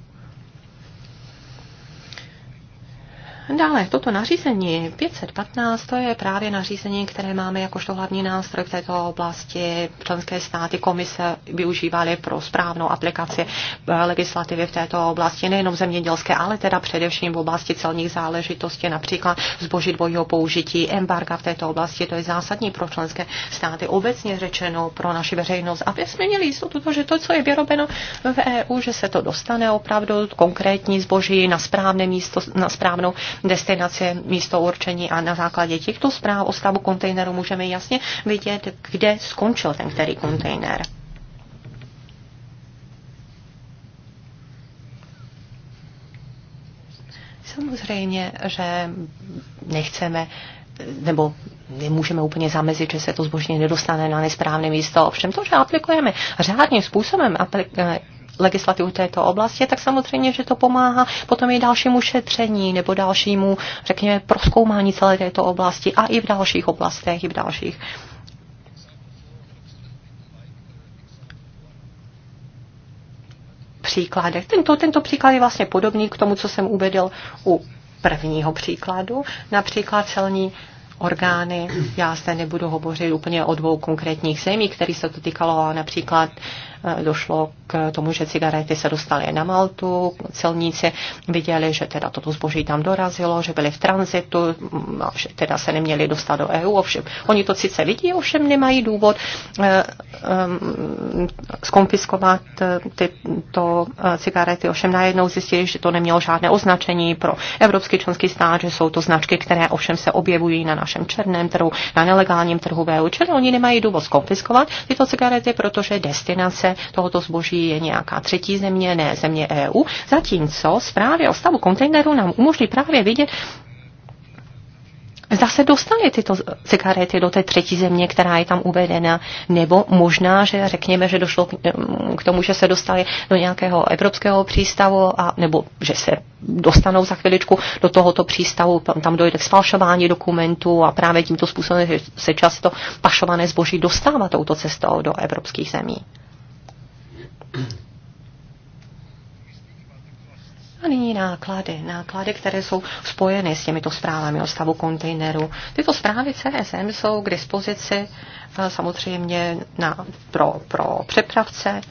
Dále, toto nařízení 515, to je právě nařízení, které máme jakožto hlavní nástroj v této oblasti. Členské státy komise využívaly pro správnou aplikaci eh, legislativy v této oblasti, nejenom zemědělské, ale teda především v oblasti celních záležitostí, například zboží dvojího použití, embarga v této oblasti. To je zásadní pro členské státy, obecně řečeno pro naši veřejnost, aby jsme měli jistotu, že to, co je vyrobeno v EU, že se to dostane opravdu konkrétní zboží na správné místo, na správnou destinace, místo určení a na základě těchto zpráv o stavu kontejneru můžeme jasně vidět, kde skončil ten který kontejner. Samozřejmě, že nechceme nebo nemůžeme úplně zamezit, že se to zbožně nedostane na nesprávné místo. Ovšem to, že aplikujeme řádným způsobem aplik- legislativu této oblasti, tak samozřejmě, že to pomáhá potom i dalšímu šetření nebo dalšímu, řekněme, proskoumání celé této oblasti a i v dalších oblastech, i v dalších příkladech. Tento, tento příklad je vlastně podobný k tomu, co jsem uvedl u prvního příkladu, například celní orgány. Já zde nebudu hovořit úplně o dvou konkrétních zemí, které se to týkalo například došlo k tomu, že cigarety se dostaly na Maltu, celníci viděli, že teda toto zboží tam dorazilo, že byli v tranzitu, že teda se neměli dostat do EU, ovšem oni to sice vidí, ovšem nemají důvod eh, eh, skonfiskovat eh, tyto cigarety, ovšem najednou zjistili, že to nemělo žádné označení pro evropský členský stát, že jsou to značky, které ovšem se objevují na našem černém trhu, na nelegálním trhu v EU, čili oni nemají důvod skonfiskovat tyto cigarety, protože destinace tohoto zboží je nějaká třetí země, ne země EU, zatímco zprávy o stavu kontejneru nám umožní právě vidět, zase dostali tyto cigarety do té třetí země, která je tam uvedena, nebo možná, že řekněme, že došlo k tomu, že se dostali do nějakého evropského přístavu, a, nebo že se dostanou za chviličku do tohoto přístavu, tam dojde k sfalšování dokumentů a právě tímto způsobem že se často pašované zboží dostává touto cestou do evropských zemí. A nyní náklady, náklady, které jsou spojeny s těmito zprávami o stavu kontejneru. Tyto zprávy CSM jsou k dispozici eh, samozřejmě na, pro, pro přepravce.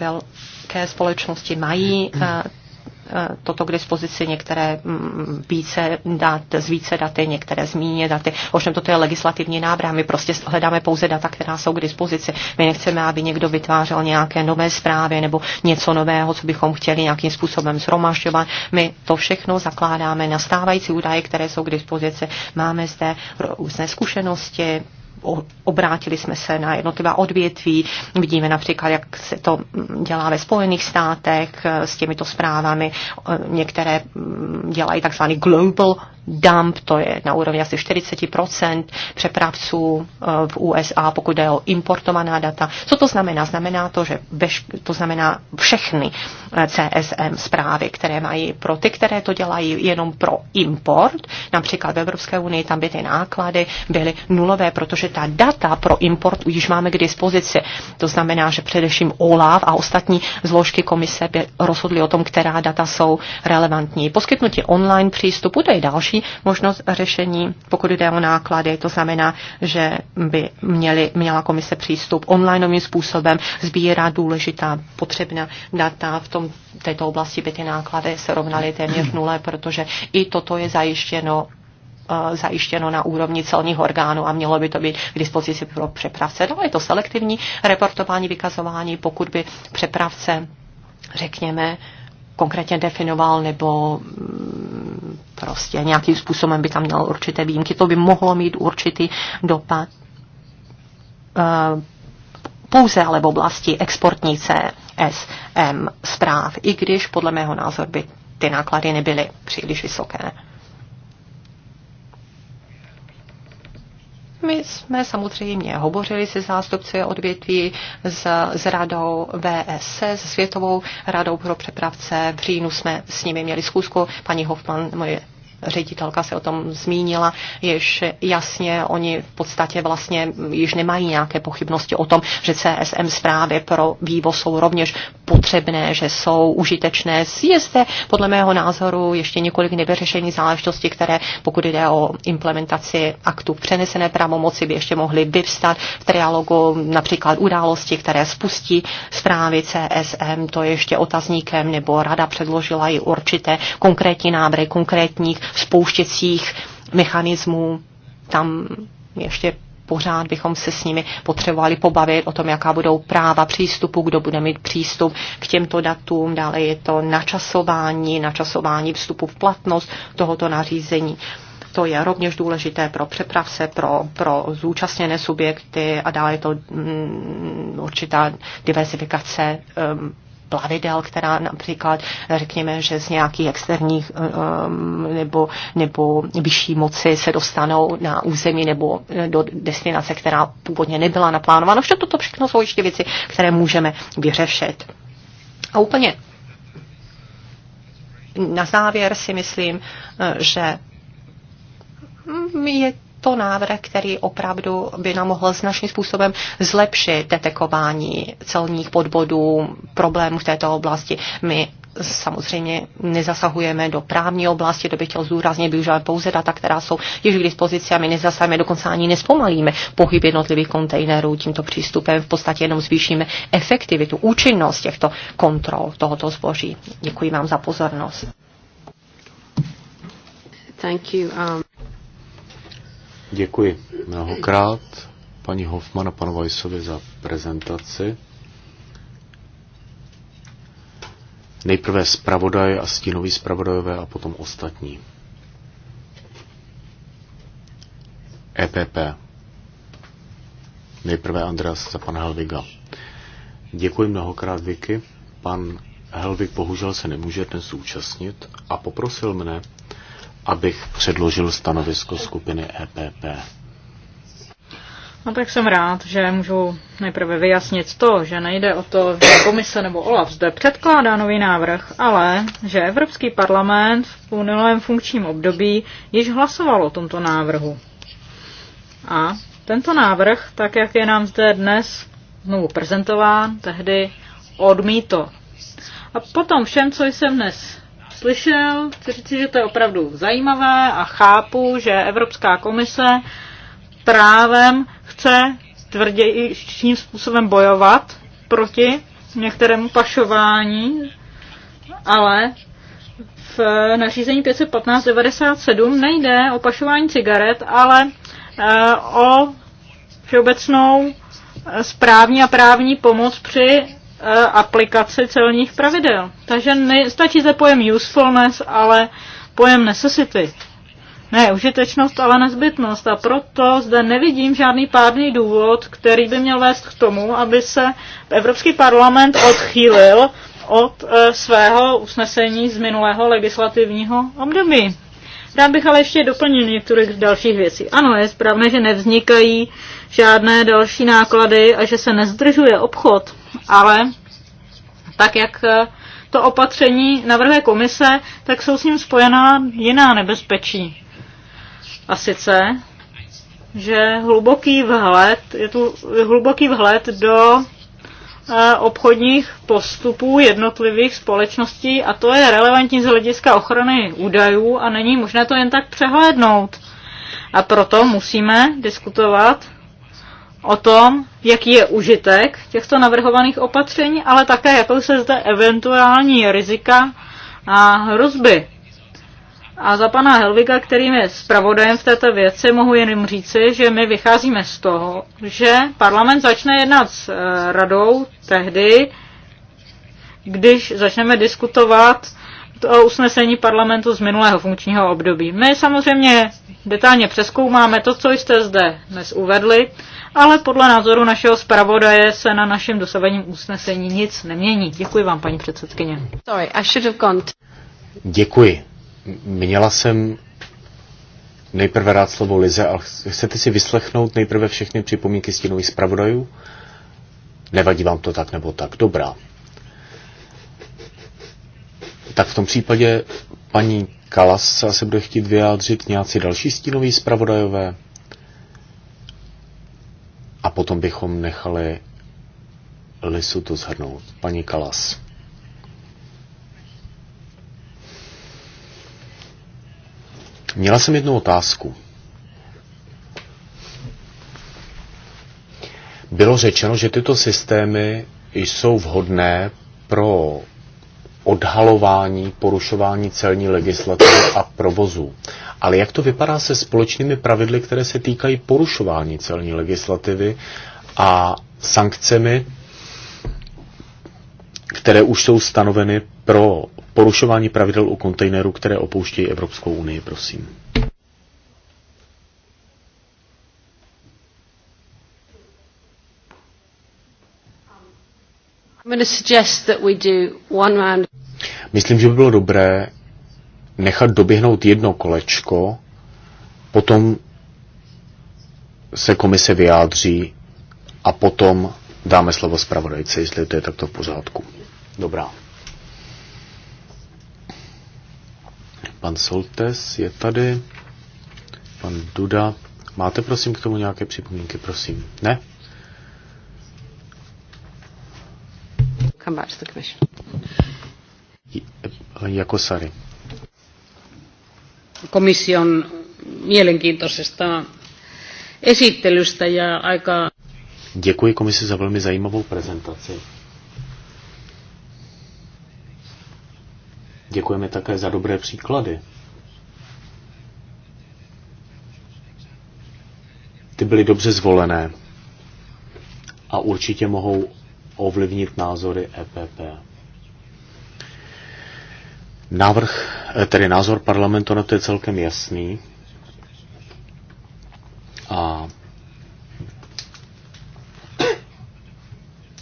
Velké společnosti mají eh, Eh, toto k dispozici, některé mm, více dat, z více daty, některé z míně daty. Ovšem toto je legislativní návrh, my prostě hledáme pouze data, která jsou k dispozici. My nechceme, aby někdo vytvářel nějaké nové zprávy nebo něco nového, co bychom chtěli nějakým způsobem zhromažďovat. My to všechno zakládáme na stávající údaje, které jsou k dispozici. Máme zde různé zkušenosti, obrátili jsme se na jednotlivá odvětví. Vidíme například, jak se to dělá ve Spojených státech eh, s těmito zprávami. Eh, některé mm, dělají takzvaný global dump, to je na úrovni asi 40% přepravců eh, v USA, pokud jde o importovaná data. Co to znamená? Znamená to, že veš, to znamená všechny eh, CSM zprávy, které mají pro ty, které to dělají jenom pro import, například v Evropské unii, tam by ty náklady byly nulové, protože ta data pro import již máme k dispozici. To znamená, že především OLAV a ostatní zložky komise by rozhodly o tom, která data jsou relevantní. Poskytnutí online přístupu, to je další další možnost řešení, pokud jde o náklady. To znamená, že by měli, měla komise přístup onlineovým způsobem, sbírat důležitá potřebná data v tom, této oblasti by ty náklady se rovnaly téměř nule, protože i toto je zajištěno eh, zajištěno na úrovni celních orgánů a mělo by to být k dispozici pro přepravce. No, je to selektivní reportování, vykazování, pokud by přepravce, řekněme, konkrétně definoval nebo mm, prostě nějakým způsobem by tam měl určité výjimky. To by mohlo mít určitý dopad eh, pouze ale v oblasti exportnice SM zpráv, i když podle mého názoru by ty náklady nebyly příliš vysoké. My jsme samozřejmě hovořili se zástupci odvětví s, s radou VSC, s Světovou radou pro přepravce. V říjnu jsme s nimi měli zkusku. Paní Hoffman, moje ředitelka se o tom zmínila, jež jasně oni v podstatě vlastně již nemají nějaké pochybnosti o tom, že CSM zprávy pro vývoz jsou rovněž potřebné, že jsou užitečné. Je zde podle mého názoru ještě několik nevyřešených záležitostí, které pokud jde o implementaci aktu přenesené pravomoci, by ještě mohly vyvstat v trialogu například události, které spustí zprávy CSM, to je ještě otazníkem, nebo rada předložila i určité konkrétní návrhy konkrétních spouštěcích mechanismů. Tam ještě pořád bychom se s nimi potřebovali pobavit o tom, jaká budou práva přístupu, kdo bude mít přístup k těmto datům. Dále je to načasování, načasování vstupu v platnost tohoto nařízení. To je rovněž důležité pro přepravce, pro, pro zúčastněné subjekty a dále je to mm, určitá diversifikace um, plavidel, která například, řekněme, že z nějakých externích eh, eh, nebo, nebo vyšší moci se dostanou na území nebo eh, do destinace, která původně nebyla naplánována. Vše toto všechno jsou ještě věci, které můžeme vyřešit. A úplně na závěr si myslím, že hm, je to návrh, který opravdu by nám mohl značným způsobem zlepšit detekování celních podvodů, problémů v této oblasti. My samozřejmě nezasahujeme do právní oblasti, to bych chtěl zúraznit, využíváme pouze data, která jsou již k dispozici a my nezasahujeme, dokonce ani nespomalíme pohyb jednotlivých kontejnerů tímto přístupem, v podstatě jenom zvýšíme efektivitu, účinnost těchto kontrol tohoto zboží. Děkuji vám za pozornost. Thank you. Um... Děkuji mnohokrát paní Hoffman a panu Vajsovi za prezentaci. Nejprve zpravodaj a stínový zpravodajové a potom ostatní. EPP. Nejprve Andreas a pan Helviga. Děkuji mnohokrát, Vicky. Pan Helvik bohužel se nemůže dnes zúčastnit a poprosil mne, abych předložil stanovisko skupiny EPP. No tak jsem rád, že můžu nejprve vyjasnit to, že nejde o to, že komise nebo OLAF zde předkládá nový návrh, ale že Evropský parlament v minulém funkčním období již hlasoval o tomto návrhu. A tento návrh, tak jak je nám zde dnes znovu prezentován, tehdy odmítl. A potom všem, co jsem dnes slyšel. Chci říct, že to je opravdu zajímavé a chápu, že Evropská komise právem chce tvrdějším způsobem bojovat proti některému pašování, ale v nařízení 515.97 nejde o pašování cigaret, ale eh, o všeobecnou eh, správní a právní pomoc při Eh, aplikaci celních pravidel. Takže nestačí se pojem usefulness, ale pojem necessity. Ne užitečnost, ale nezbytnost. A proto zde nevidím žádný pádný důvod, který by měl vést k tomu, aby se Evropský parlament odchýlil od e, svého usnesení z minulého legislativního období. Rád bych ale ještě doplnil některých dalších věcí. Ano, je správné, že nevznikají žádné další náklady a že se nezdržuje obchod ale tak, jak eh, to opatření navrhuje komise, tak jsou s ním spojená jiná nebezpečí. A sice, že hluboký vhled, je tu hluboký vhled do eh, obchodních postupů jednotlivých společností a to je relevantní z hlediska ochrany údajů a není možné to jen tak přehlédnout. A proto musíme diskutovat o tom, jaký je užitek těchto navrhovaných opatření, ale také jakou se zde eventuální rizika a hrozby. A za pana Helviga, kterým je zpravodajem v této věci, mohu jenom říci, že my vycházíme z toho, že parlament začne jednat s eh, radou tehdy, když začneme diskutovat o usnesení parlamentu z minulého funkčního období. My samozřejmě detailně přeskoumáme to, co jste zde dnes uvedli ale podle názoru našeho zpravodaje se na našem dosavadním usnesení nic nemění. Děkuji vám, paní předsedkyně. Sorry, I should have gone. Děkuji. Měla jsem nejprve rád slovo Lize, ale chcete si vyslechnout nejprve všechny připomínky stínových zpravodajů? Nevadí vám to tak nebo tak? Dobrá. Tak v tom případě paní Kalas se asi bude chtít vyjádřit nějací další stínoví zpravodajové a potom bychom nechali Lisu to zhrnout. Paní Kalas. Měla jsem jednu otázku. Bylo řečeno, že tyto systémy jsou vhodné pro odhalování, porušování celní legislativy a provozu. Ale jak to vypadá se společnými pravidly, které se týkají porušování celní legislativy a sankcemi, které už jsou stanoveny pro porušování pravidel u kontejnerů, které opouštějí Evropskou unii, prosím. Myslím, že by bylo dobré nechat doběhnout jedno kolečko, potom se komise vyjádří a potom dáme slovo zpravodajce, jestli to je takto v pořádku. Dobrá. Pan Soltes je tady. Pan Duda. Máte prosím k tomu nějaké připomínky, prosím? Ne? come back to the Commission. Jakosari. Komission mielenkiintoisesta esittelystä ja aika... Děkuji komisi za velmi zajímavou prezentaci. Děkujeme také za dobré příklady. Ty byly dobře zvolené a určitě mohou ovlivnit názory EPP. Návrh, eh, tedy názor parlamentu na to je celkem jasný. A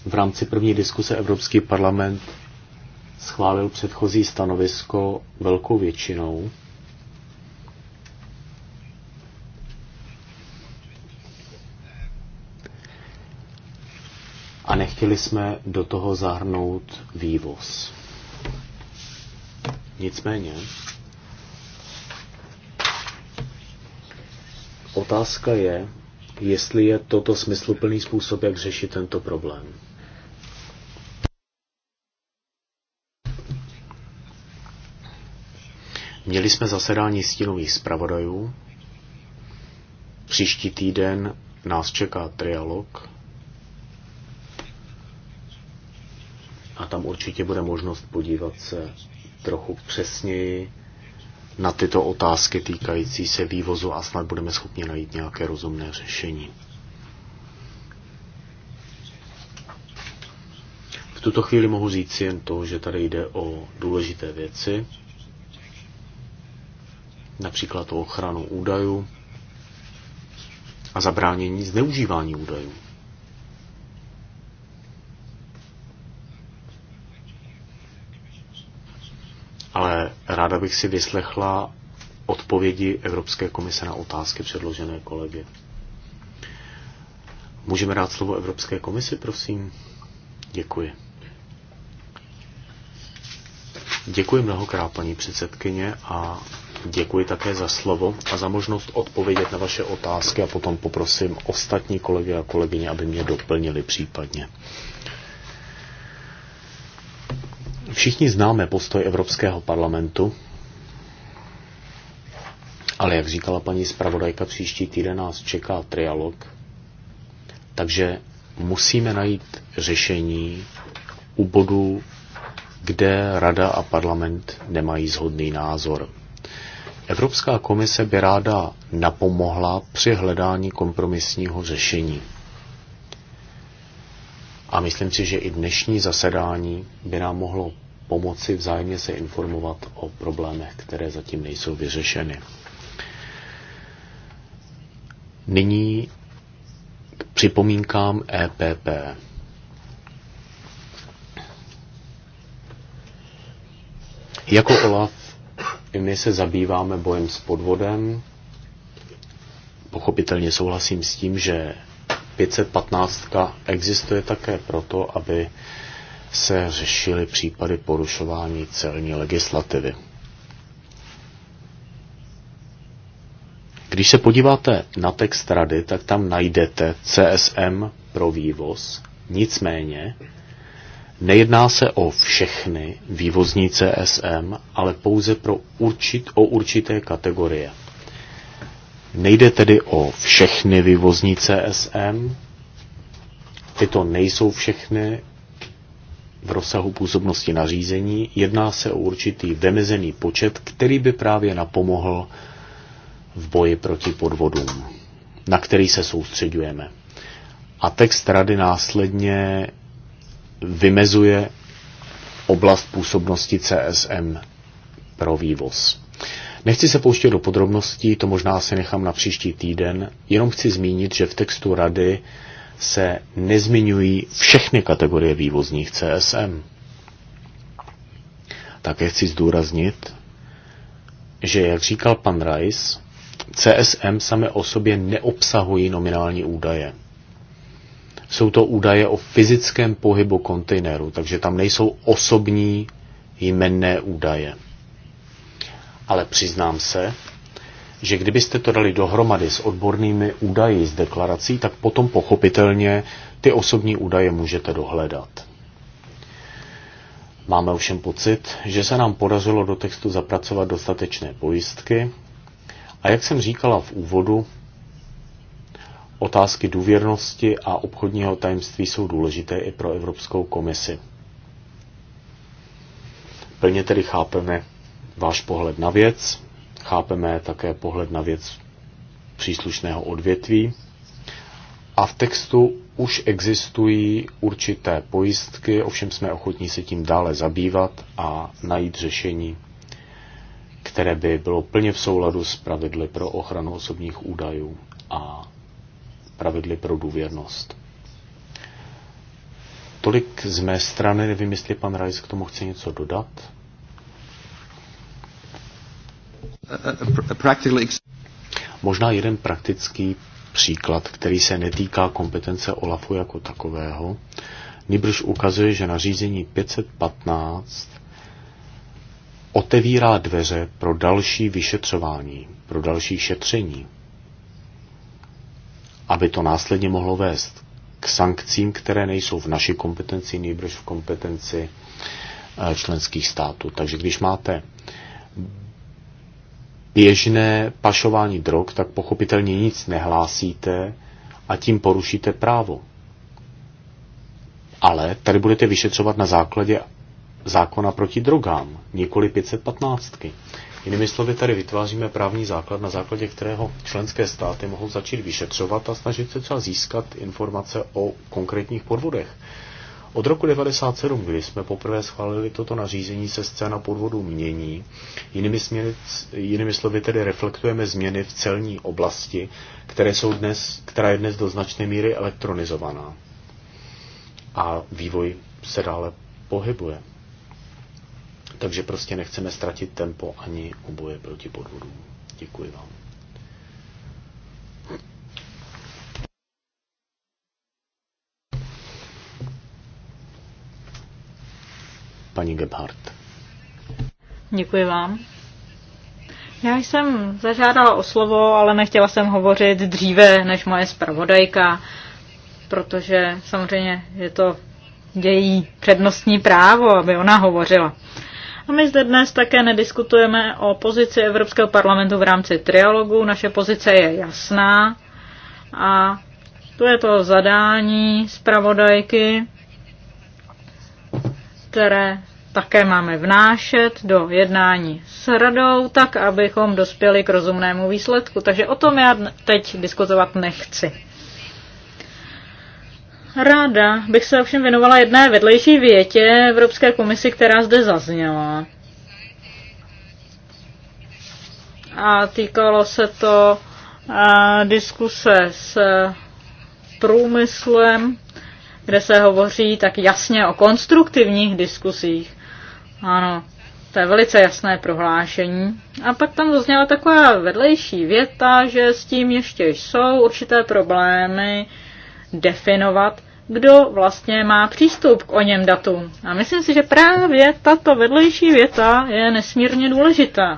v rámci první diskuse Evropský parlament schválil předchozí stanovisko velkou většinou. Chtěli jsme do toho zahrnout vývoz. Nicméně, otázka je, jestli je toto smysluplný způsob, jak řešit tento problém. Měli jsme zasedání stínových zpravodajů. Příští týden nás čeká trialog a tam určitě bude možnost podívat se trochu přesněji na tyto otázky týkající se vývozu a snad budeme schopni najít nějaké rozumné řešení. V tuto chvíli mohu říct jen to, že tady jde o důležité věci, například o ochranu údajů a zabránění zneužívání údajů. ráda bych si vyslechla odpovědi Evropské komise na otázky předložené kolegy. Můžeme dát slovo Evropské komisi, prosím? Děkuji. Děkuji mnohokrát, paní předsedkyně, a děkuji také za slovo a za možnost odpovědět na vaše otázky a potom poprosím ostatní kolegy a kolegyně, aby mě doplnili případně. Všichni známe postoj Evropského parlamentu, ale jak říkala paní zpravodajka, příští týden nás čeká trialog, takže musíme najít řešení u bodu, kde Rada a parlament nemají zhodný názor. Evropská komise by ráda napomohla při hledání kompromisního řešení. A myslím si, že i dnešní zasedání by nám mohlo pomoci vzájemně se informovat o problémech, které zatím nejsou vyřešeny. Nyní k připomínkám EPP. Jako OLAF i my se zabýváme bojem s podvodem. Pochopitelně souhlasím s tím, že 515 existuje také proto, aby se řešily případy porušování celní legislativy. Když se podíváte na text rady, tak tam najdete CSM pro vývoz, nicméně nejedná se o všechny vývozní CSM, ale pouze pro určit, o určité kategorie. Nejde tedy o všechny vývozní CSM, tyto nejsou všechny v rozsahu působnosti nařízení. Jedná se o určitý vymezený počet, který by právě napomohl v boji proti podvodům, na který se soustředujeme. A text rady následně vymezuje oblast působnosti CSM pro vývoz. Nechci se pouštět do podrobností, to možná si nechám na příští týden, jenom chci zmínit, že v textu rady se nezmiňují všechny kategorie vývozních CSM. Také chci zdůraznit, že, jak říkal pan Rice, CSM samé o sobě neobsahují nominální údaje. Jsou to údaje o fyzickém pohybu kontejneru, takže tam nejsou osobní jmenné údaje. Ale přiznám se, že kdybyste to dali dohromady s odbornými údaji z deklarací, tak potom pochopitelně ty osobní údaje můžete dohledat. Máme ovšem pocit, že se nám podařilo do textu zapracovat dostatečné pojistky a jak jsem říkala v úvodu, otázky důvěrnosti a obchodního tajemství jsou důležité i pro Evropskou komisi. Plně tedy chápeme váš pohled na věc chápeme také pohled na věc příslušného odvětví. A v textu už existují určité pojistky, ovšem jsme ochotní se tím dále zabývat a najít řešení, které by bylo plně v souladu s pravidly pro ochranu osobních údajů a pravidly pro důvěrnost. Tolik z mé strany, nevím, jestli pan Rajs k tomu chce něco dodat. Možná jeden praktický příklad, který se netýká kompetence OLAFu jako takového, Nibrž ukazuje, že nařízení 515 otevírá dveře pro další vyšetřování, pro další šetření, aby to následně mohlo vést k sankcím, které nejsou v naší kompetenci, nejbrž v kompetenci eh, členských států. Takže když máte běžné pašování drog, tak pochopitelně nic nehlásíte a tím porušíte právo. Ale tady budete vyšetřovat na základě zákona proti drogám, nikoli 515. Jinými slovy, tady vytváříme právní základ, na základě kterého členské státy mohou začít vyšetřovat a snažit se třeba získat informace o konkrétních podvodech. Od roku 1997, kdy jsme poprvé schválili toto nařízení, se scéna podvodu mění. Jinými, směry, jinými slovy tedy reflektujeme změny v celní oblasti, které jsou dnes, která je dnes do značné míry elektronizovaná. A vývoj se dále pohybuje. Takže prostě nechceme ztratit tempo ani oboje proti podvodům. Děkuji vám. paní Gebhardt. Děkuji vám. Já jsem zažádala o slovo, ale nechtěla jsem hovořit dříve než moje zpravodajka, protože samozřejmě je to její přednostní právo, aby ona hovořila. A my zde dnes také nediskutujeme o pozici Evropského parlamentu v rámci trialogu. Naše pozice je jasná a to je to zadání zpravodajky které také máme vnášet do jednání s radou, tak abychom dospěli k rozumnému výsledku. Takže o tom já teď diskutovat nechci. Ráda bych se ovšem věnovala jedné vedlejší větě Evropské komisi, která zde zazněla. A týkalo se to a, diskuse s průmyslem kde se hovoří tak jasně o konstruktivních diskusích. Ano, to je velice jasné prohlášení. A pak tam zazněla taková vedlejší věta, že s tím ještě jsou určité problémy definovat, kdo vlastně má přístup k o něm datům. A myslím si, že právě tato vedlejší věta je nesmírně důležitá.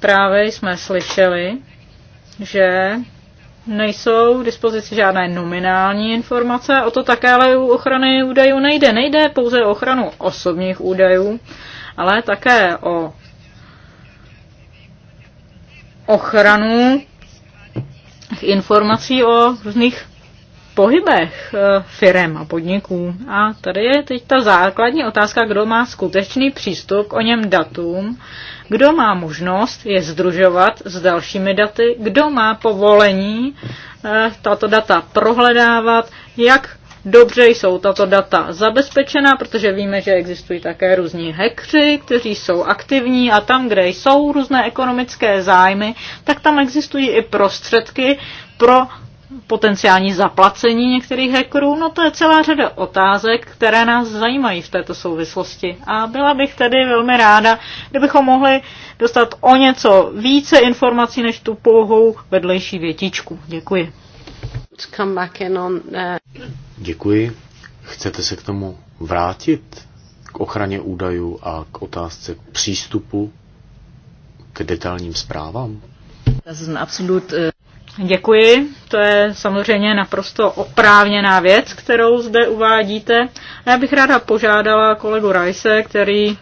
Právě jsme slyšeli, že nejsou k dispozici žádné nominální informace, o to také ale u ochrany údajů nejde. Nejde pouze o ochranu osobních údajů, ale také o ochranu informací o různých pohybech eh, firem a podniků. A tady je teď ta základní otázka, kdo má skutečný přístup k o něm datům, kdo má možnost je združovat s dalšími daty, kdo má povolení eh, tato data prohledávat, jak dobře jsou tato data zabezpečená, protože víme, že existují také různí hekři, kteří jsou aktivní a tam, kde jsou různé ekonomické zájmy, tak tam existují i prostředky pro potenciální zaplacení některých hackerů, no to je celá řada otázek, které nás zajímají v této souvislosti. A byla bych tedy velmi ráda, kdybychom mohli dostat o něco více informací než tu pouhou vedlejší větičku. Děkuji. Uh, Děkuji. Chcete se k tomu vrátit? K ochraně údajů a k otázce přístupu k detailním zprávám? Das ist ein absolut, äh Děkuji, to je samozřejmě naprosto oprávněná věc, kterou zde uvádíte. A já bych ráda požádala kolegu Rajse, který e,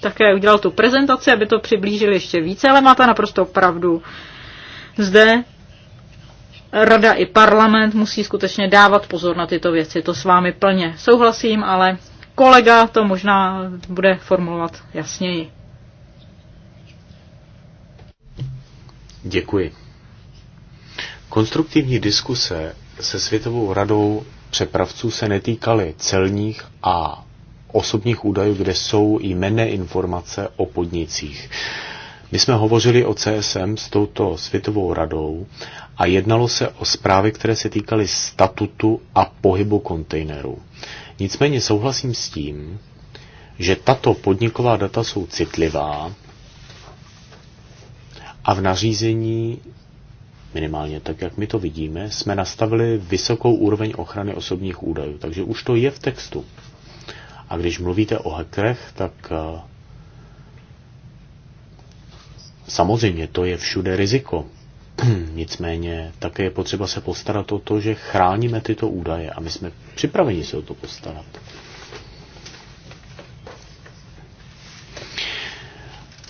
také udělal tu prezentaci, aby to přiblížili ještě více, ale máte naprosto pravdu. Zde rada i parlament musí skutečně dávat pozor na tyto věci. To s vámi plně souhlasím, ale kolega to možná bude formulovat jasněji. Děkuji. Konstruktivní diskuse se Světovou radou přepravců se netýkaly celních a osobních údajů, kde jsou jmenné informace o podnicích. My jsme hovořili o CSM s touto světovou radou a jednalo se o zprávy, které se týkaly statutu a pohybu kontejnerů. Nicméně souhlasím s tím, že tato podniková data jsou citlivá a v nařízení minimálně tak, jak my to vidíme, jsme nastavili vysokou úroveň ochrany osobních údajů. Takže už to je v textu. A když mluvíte o hackerech, tak eh, samozřejmě to je všude riziko. Nicméně také je potřeba se postarat o to, že chráníme tyto údaje a my jsme připraveni se o to postarat.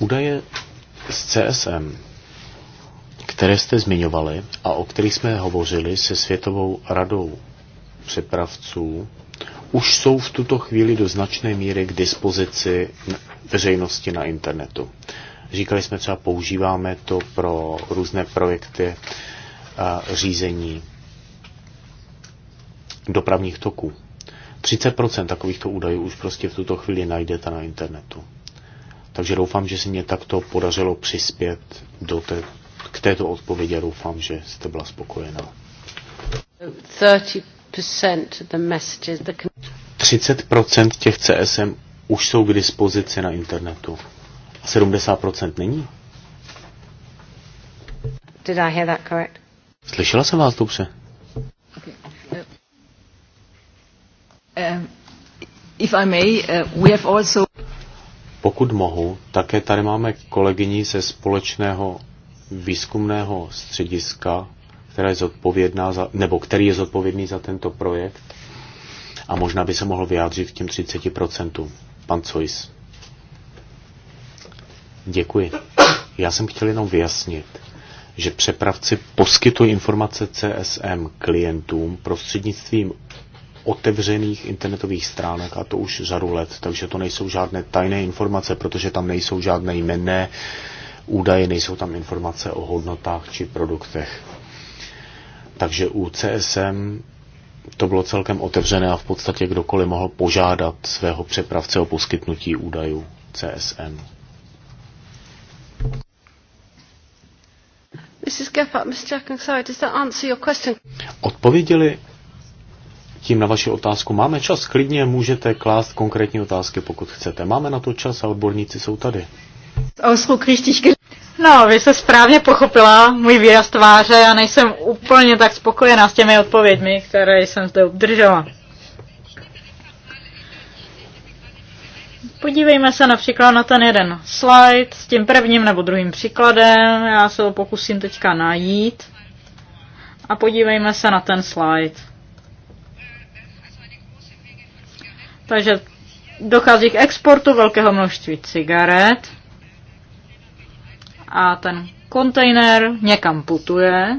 Údaje z CSM které jste zmiňovali a o kterých jsme hovořili se Světovou radou přepravců, už jsou v tuto chvíli do značné míry k dispozici veřejnosti na internetu. Říkali jsme třeba, používáme to pro různé projekty a řízení dopravních toků. 30% takovýchto údajů už prostě v tuto chvíli najdete na internetu. Takže doufám, že se mě takto podařilo přispět do té k této odpovědi doufám, že jste byla spokojená. 30% těch CSM už jsou k dispozici na internetu. A 70% není? Did I hear that correct? Slyšela jsem vás dobře. Uh, um, if I may, uh, we have also... Pokud mohu, také tady máme kolegyni ze společného výzkumného střediska, která je zodpovědná za, nebo který je zodpovědný za tento projekt a možná by se mohl vyjádřit k těm 30%. Pan Cois. Děkuji. Já jsem chtěl jenom vyjasnit, že přepravci poskytují informace CSM klientům prostřednictvím otevřených internetových stránek a to už řadu let, takže to nejsou žádné tajné informace, protože tam nejsou žádné jmenné uh, údaje, nejsou tam informace o hodnotách či produktech. Takže u CSM to bylo celkem otevřené a v podstatě kdokoliv mohl požádat svého přepravce o poskytnutí údajů CSM. Mrs. Gephardt, Mr. sorry, does that answer your question? Odpověděli tím na vaši otázku. Máme čas, klidně můžete klást konkrétní otázky, pokud chcete. Máme na to čas a odborníci jsou tady. Ausdruck richtig No, vy jste správně pochopila můj výraz tváře, já nejsem úplně tak spokojená s těmi odpověďmi, které jsem zde obdržela. Podívejme se například na ten jeden slide s tím prvním nebo druhým příkladem. Já se ho pokusím teďka najít. A podívejme se na ten slide. Takže dochází k exportu velkého množství cigaret a ten kontejner někam putuje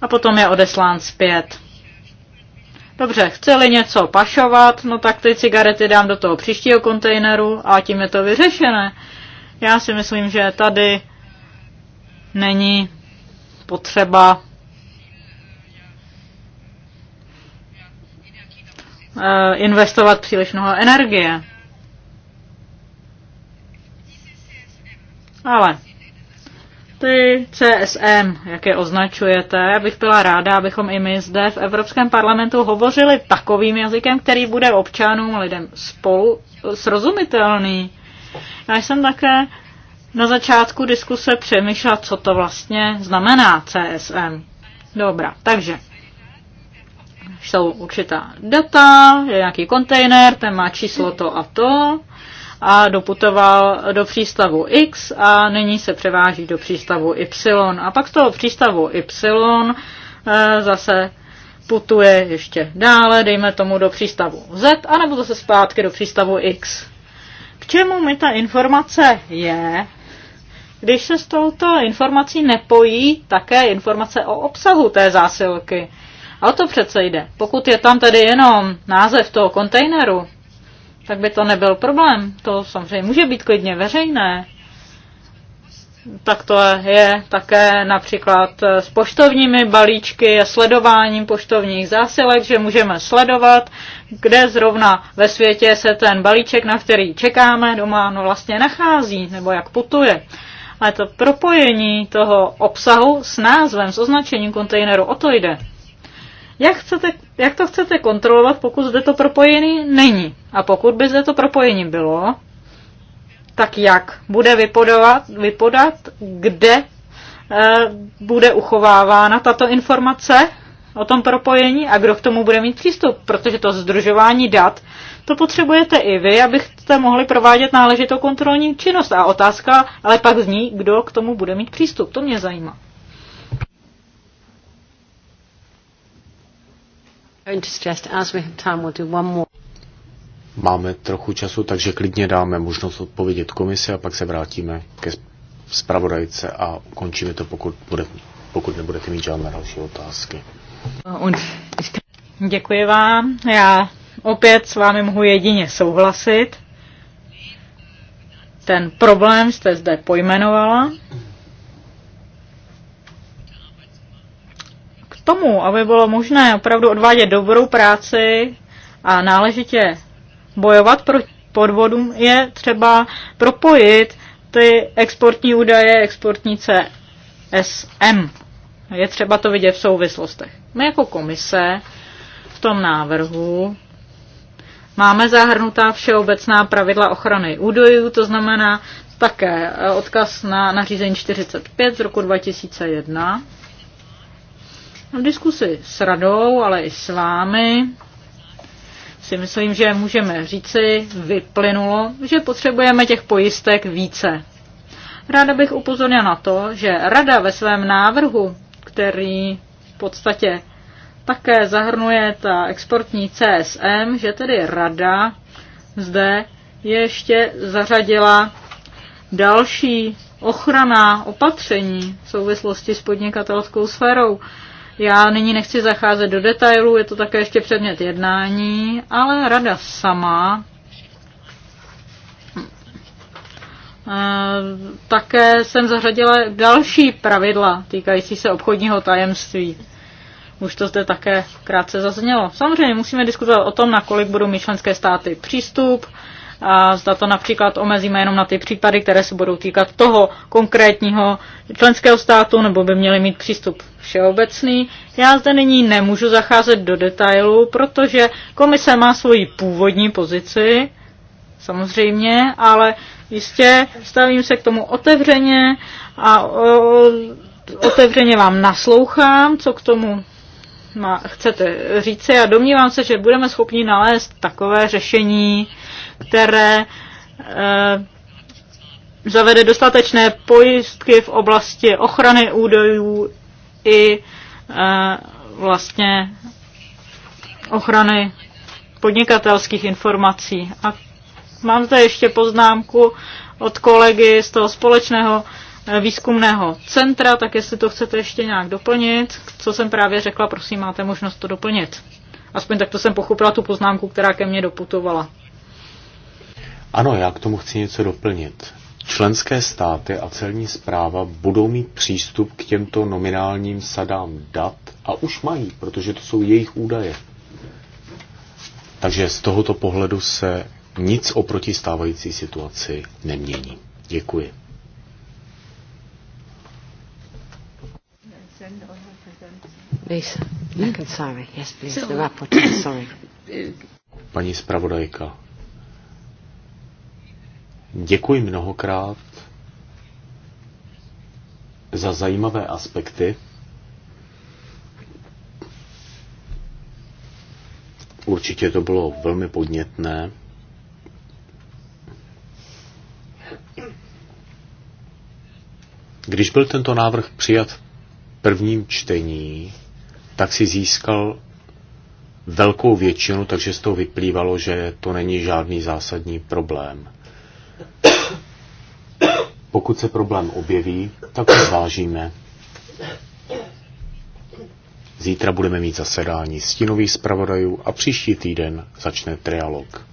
a potom je odeslán zpět. Dobře, chci-li něco pašovat, no tak ty cigarety dám do toho příštího kontejneru a tím je to vyřešené. Já si myslím, že tady není potřeba eh, investovat příliš mnoho energie. Ale ty CSM, jak je označujete, bych byla ráda, abychom i my zde v Evropském parlamentu hovořili takovým jazykem, který bude občanům, lidem spolu srozumitelný. Já jsem také na začátku diskuse přemýšlela, co to vlastně znamená CSM. Dobrá, takže jsou určitá data, je nějaký kontejner, ten má číslo to a to a doputoval do přístavu X a nyní se převáží do přístavu Y. A pak z toho přístavu Y eh, zase putuje ještě dále, dejme tomu do přístavu Z, anebo zase zpátky do přístavu X. K čemu mi ta informace je, když se s touto informací nepojí také informace o obsahu té zásilky? A o to přece jde. Pokud je tam tedy jenom název toho kontejneru, tak by to nebyl problém. To samozřejmě může být klidně veřejné. Tak to je také například s poštovními balíčky a sledováním poštovních zásilek, že můžeme sledovat, kde zrovna ve světě se ten balíček, na který čekáme doma, no vlastně nachází, nebo jak putuje. Ale to propojení toho obsahu s názvem, s označením kontejneru, o to jde. Jak chcete jak to chcete kontrolovat, pokud zde to propojení není? A pokud by zde to propojení bylo, tak jak bude vypodovat, vypodat, kde e, bude uchovávána tato informace o tom propojení a kdo k tomu bude mít přístup, protože to združování dat, to potřebujete i vy, abyste mohli provádět náležitou kontrolní činnost. A otázka ale pak zní, kdo k tomu bude mít přístup. To mě zajímá. Máme trochu času, takže klidně dáme možnost odpovědět komisi a pak se vrátíme ke zpravodajce a končíme to, pokud, bude, pokud nebudete mít žádné další otázky. Děkuji vám. Já opět s vámi mohu jedině souhlasit. Ten problém jste zde pojmenovala. tomu, aby bylo možné opravdu odvádět dobrou práci a náležitě bojovat proti podvodům, je třeba propojit ty exportní údaje, exportní CSM. Je třeba to vidět v souvislostech. My jako komise v tom návrhu máme zahrnutá všeobecná pravidla ochrany údajů, to znamená také eh, odkaz na nařízení 45 z roku 2001, v diskusi s radou, ale i s vámi si myslím, že můžeme říci, vyplynulo, že potřebujeme těch pojistek více. Ráda bych upozornila na to, že rada ve svém návrhu, který v podstatě také zahrnuje ta exportní CSM, že tedy rada zde ještě zařadila další ochrana opatření v souvislosti s podnikatelskou sférou. Já nyní nechci zacházet do detailů, je to také ještě předmět jednání, ale rada sama eh, také jsem zařadila další pravidla týkající se obchodního tajemství. Už to zde také krátce zaznělo. Samozřejmě musíme diskutovat o tom, nakolik budou mít členské státy přístup, a zda to například omezíme jenom na ty případy, které se budou týkat toho konkrétního členského státu, nebo by měly mít přístup všeobecný. Já zde nyní nemůžu zacházet do detailů, protože komise má svoji původní pozici, samozřejmě, ale jistě stavím se k tomu otevřeně a o, otevřeně vám naslouchám, co k tomu má, chcete říci a domnívám se, že budeme schopni nalézt takové řešení, které eh, zavede dostatečné pojistky v oblasti ochrany údajů i eh, vlastně ochrany podnikatelských informací. A mám zde ještě poznámku od kolegy z toho společného eh, výzkumného centra, tak jestli to chcete ještě nějak doplnit, co jsem právě řekla, prosím, máte možnost to doplnit. Aspoň takto jsem pochopila tu poznámku, která ke mně doputovala. Ano, já k tomu chci něco doplnit. Členské státy a celní zpráva budou mít přístup k těmto nominálním sadám dat a už mají, protože to jsou jejich údaje. Takže z tohoto pohledu se nic oproti stávající situaci nemění. Děkuji. Paní zpravodajka. Děkuji mnohokrát za zajímavé aspekty. Určitě to bylo velmi podnětné. Když byl tento návrh přijat v prvním čtení, tak si získal velkou většinu, takže z toho vyplývalo, že to není žádný zásadní problém. Pokud se problém objeví, tak ho zvážíme. Zítra budeme mít zasedání stínových zpravodajů a příští týden začne trialog.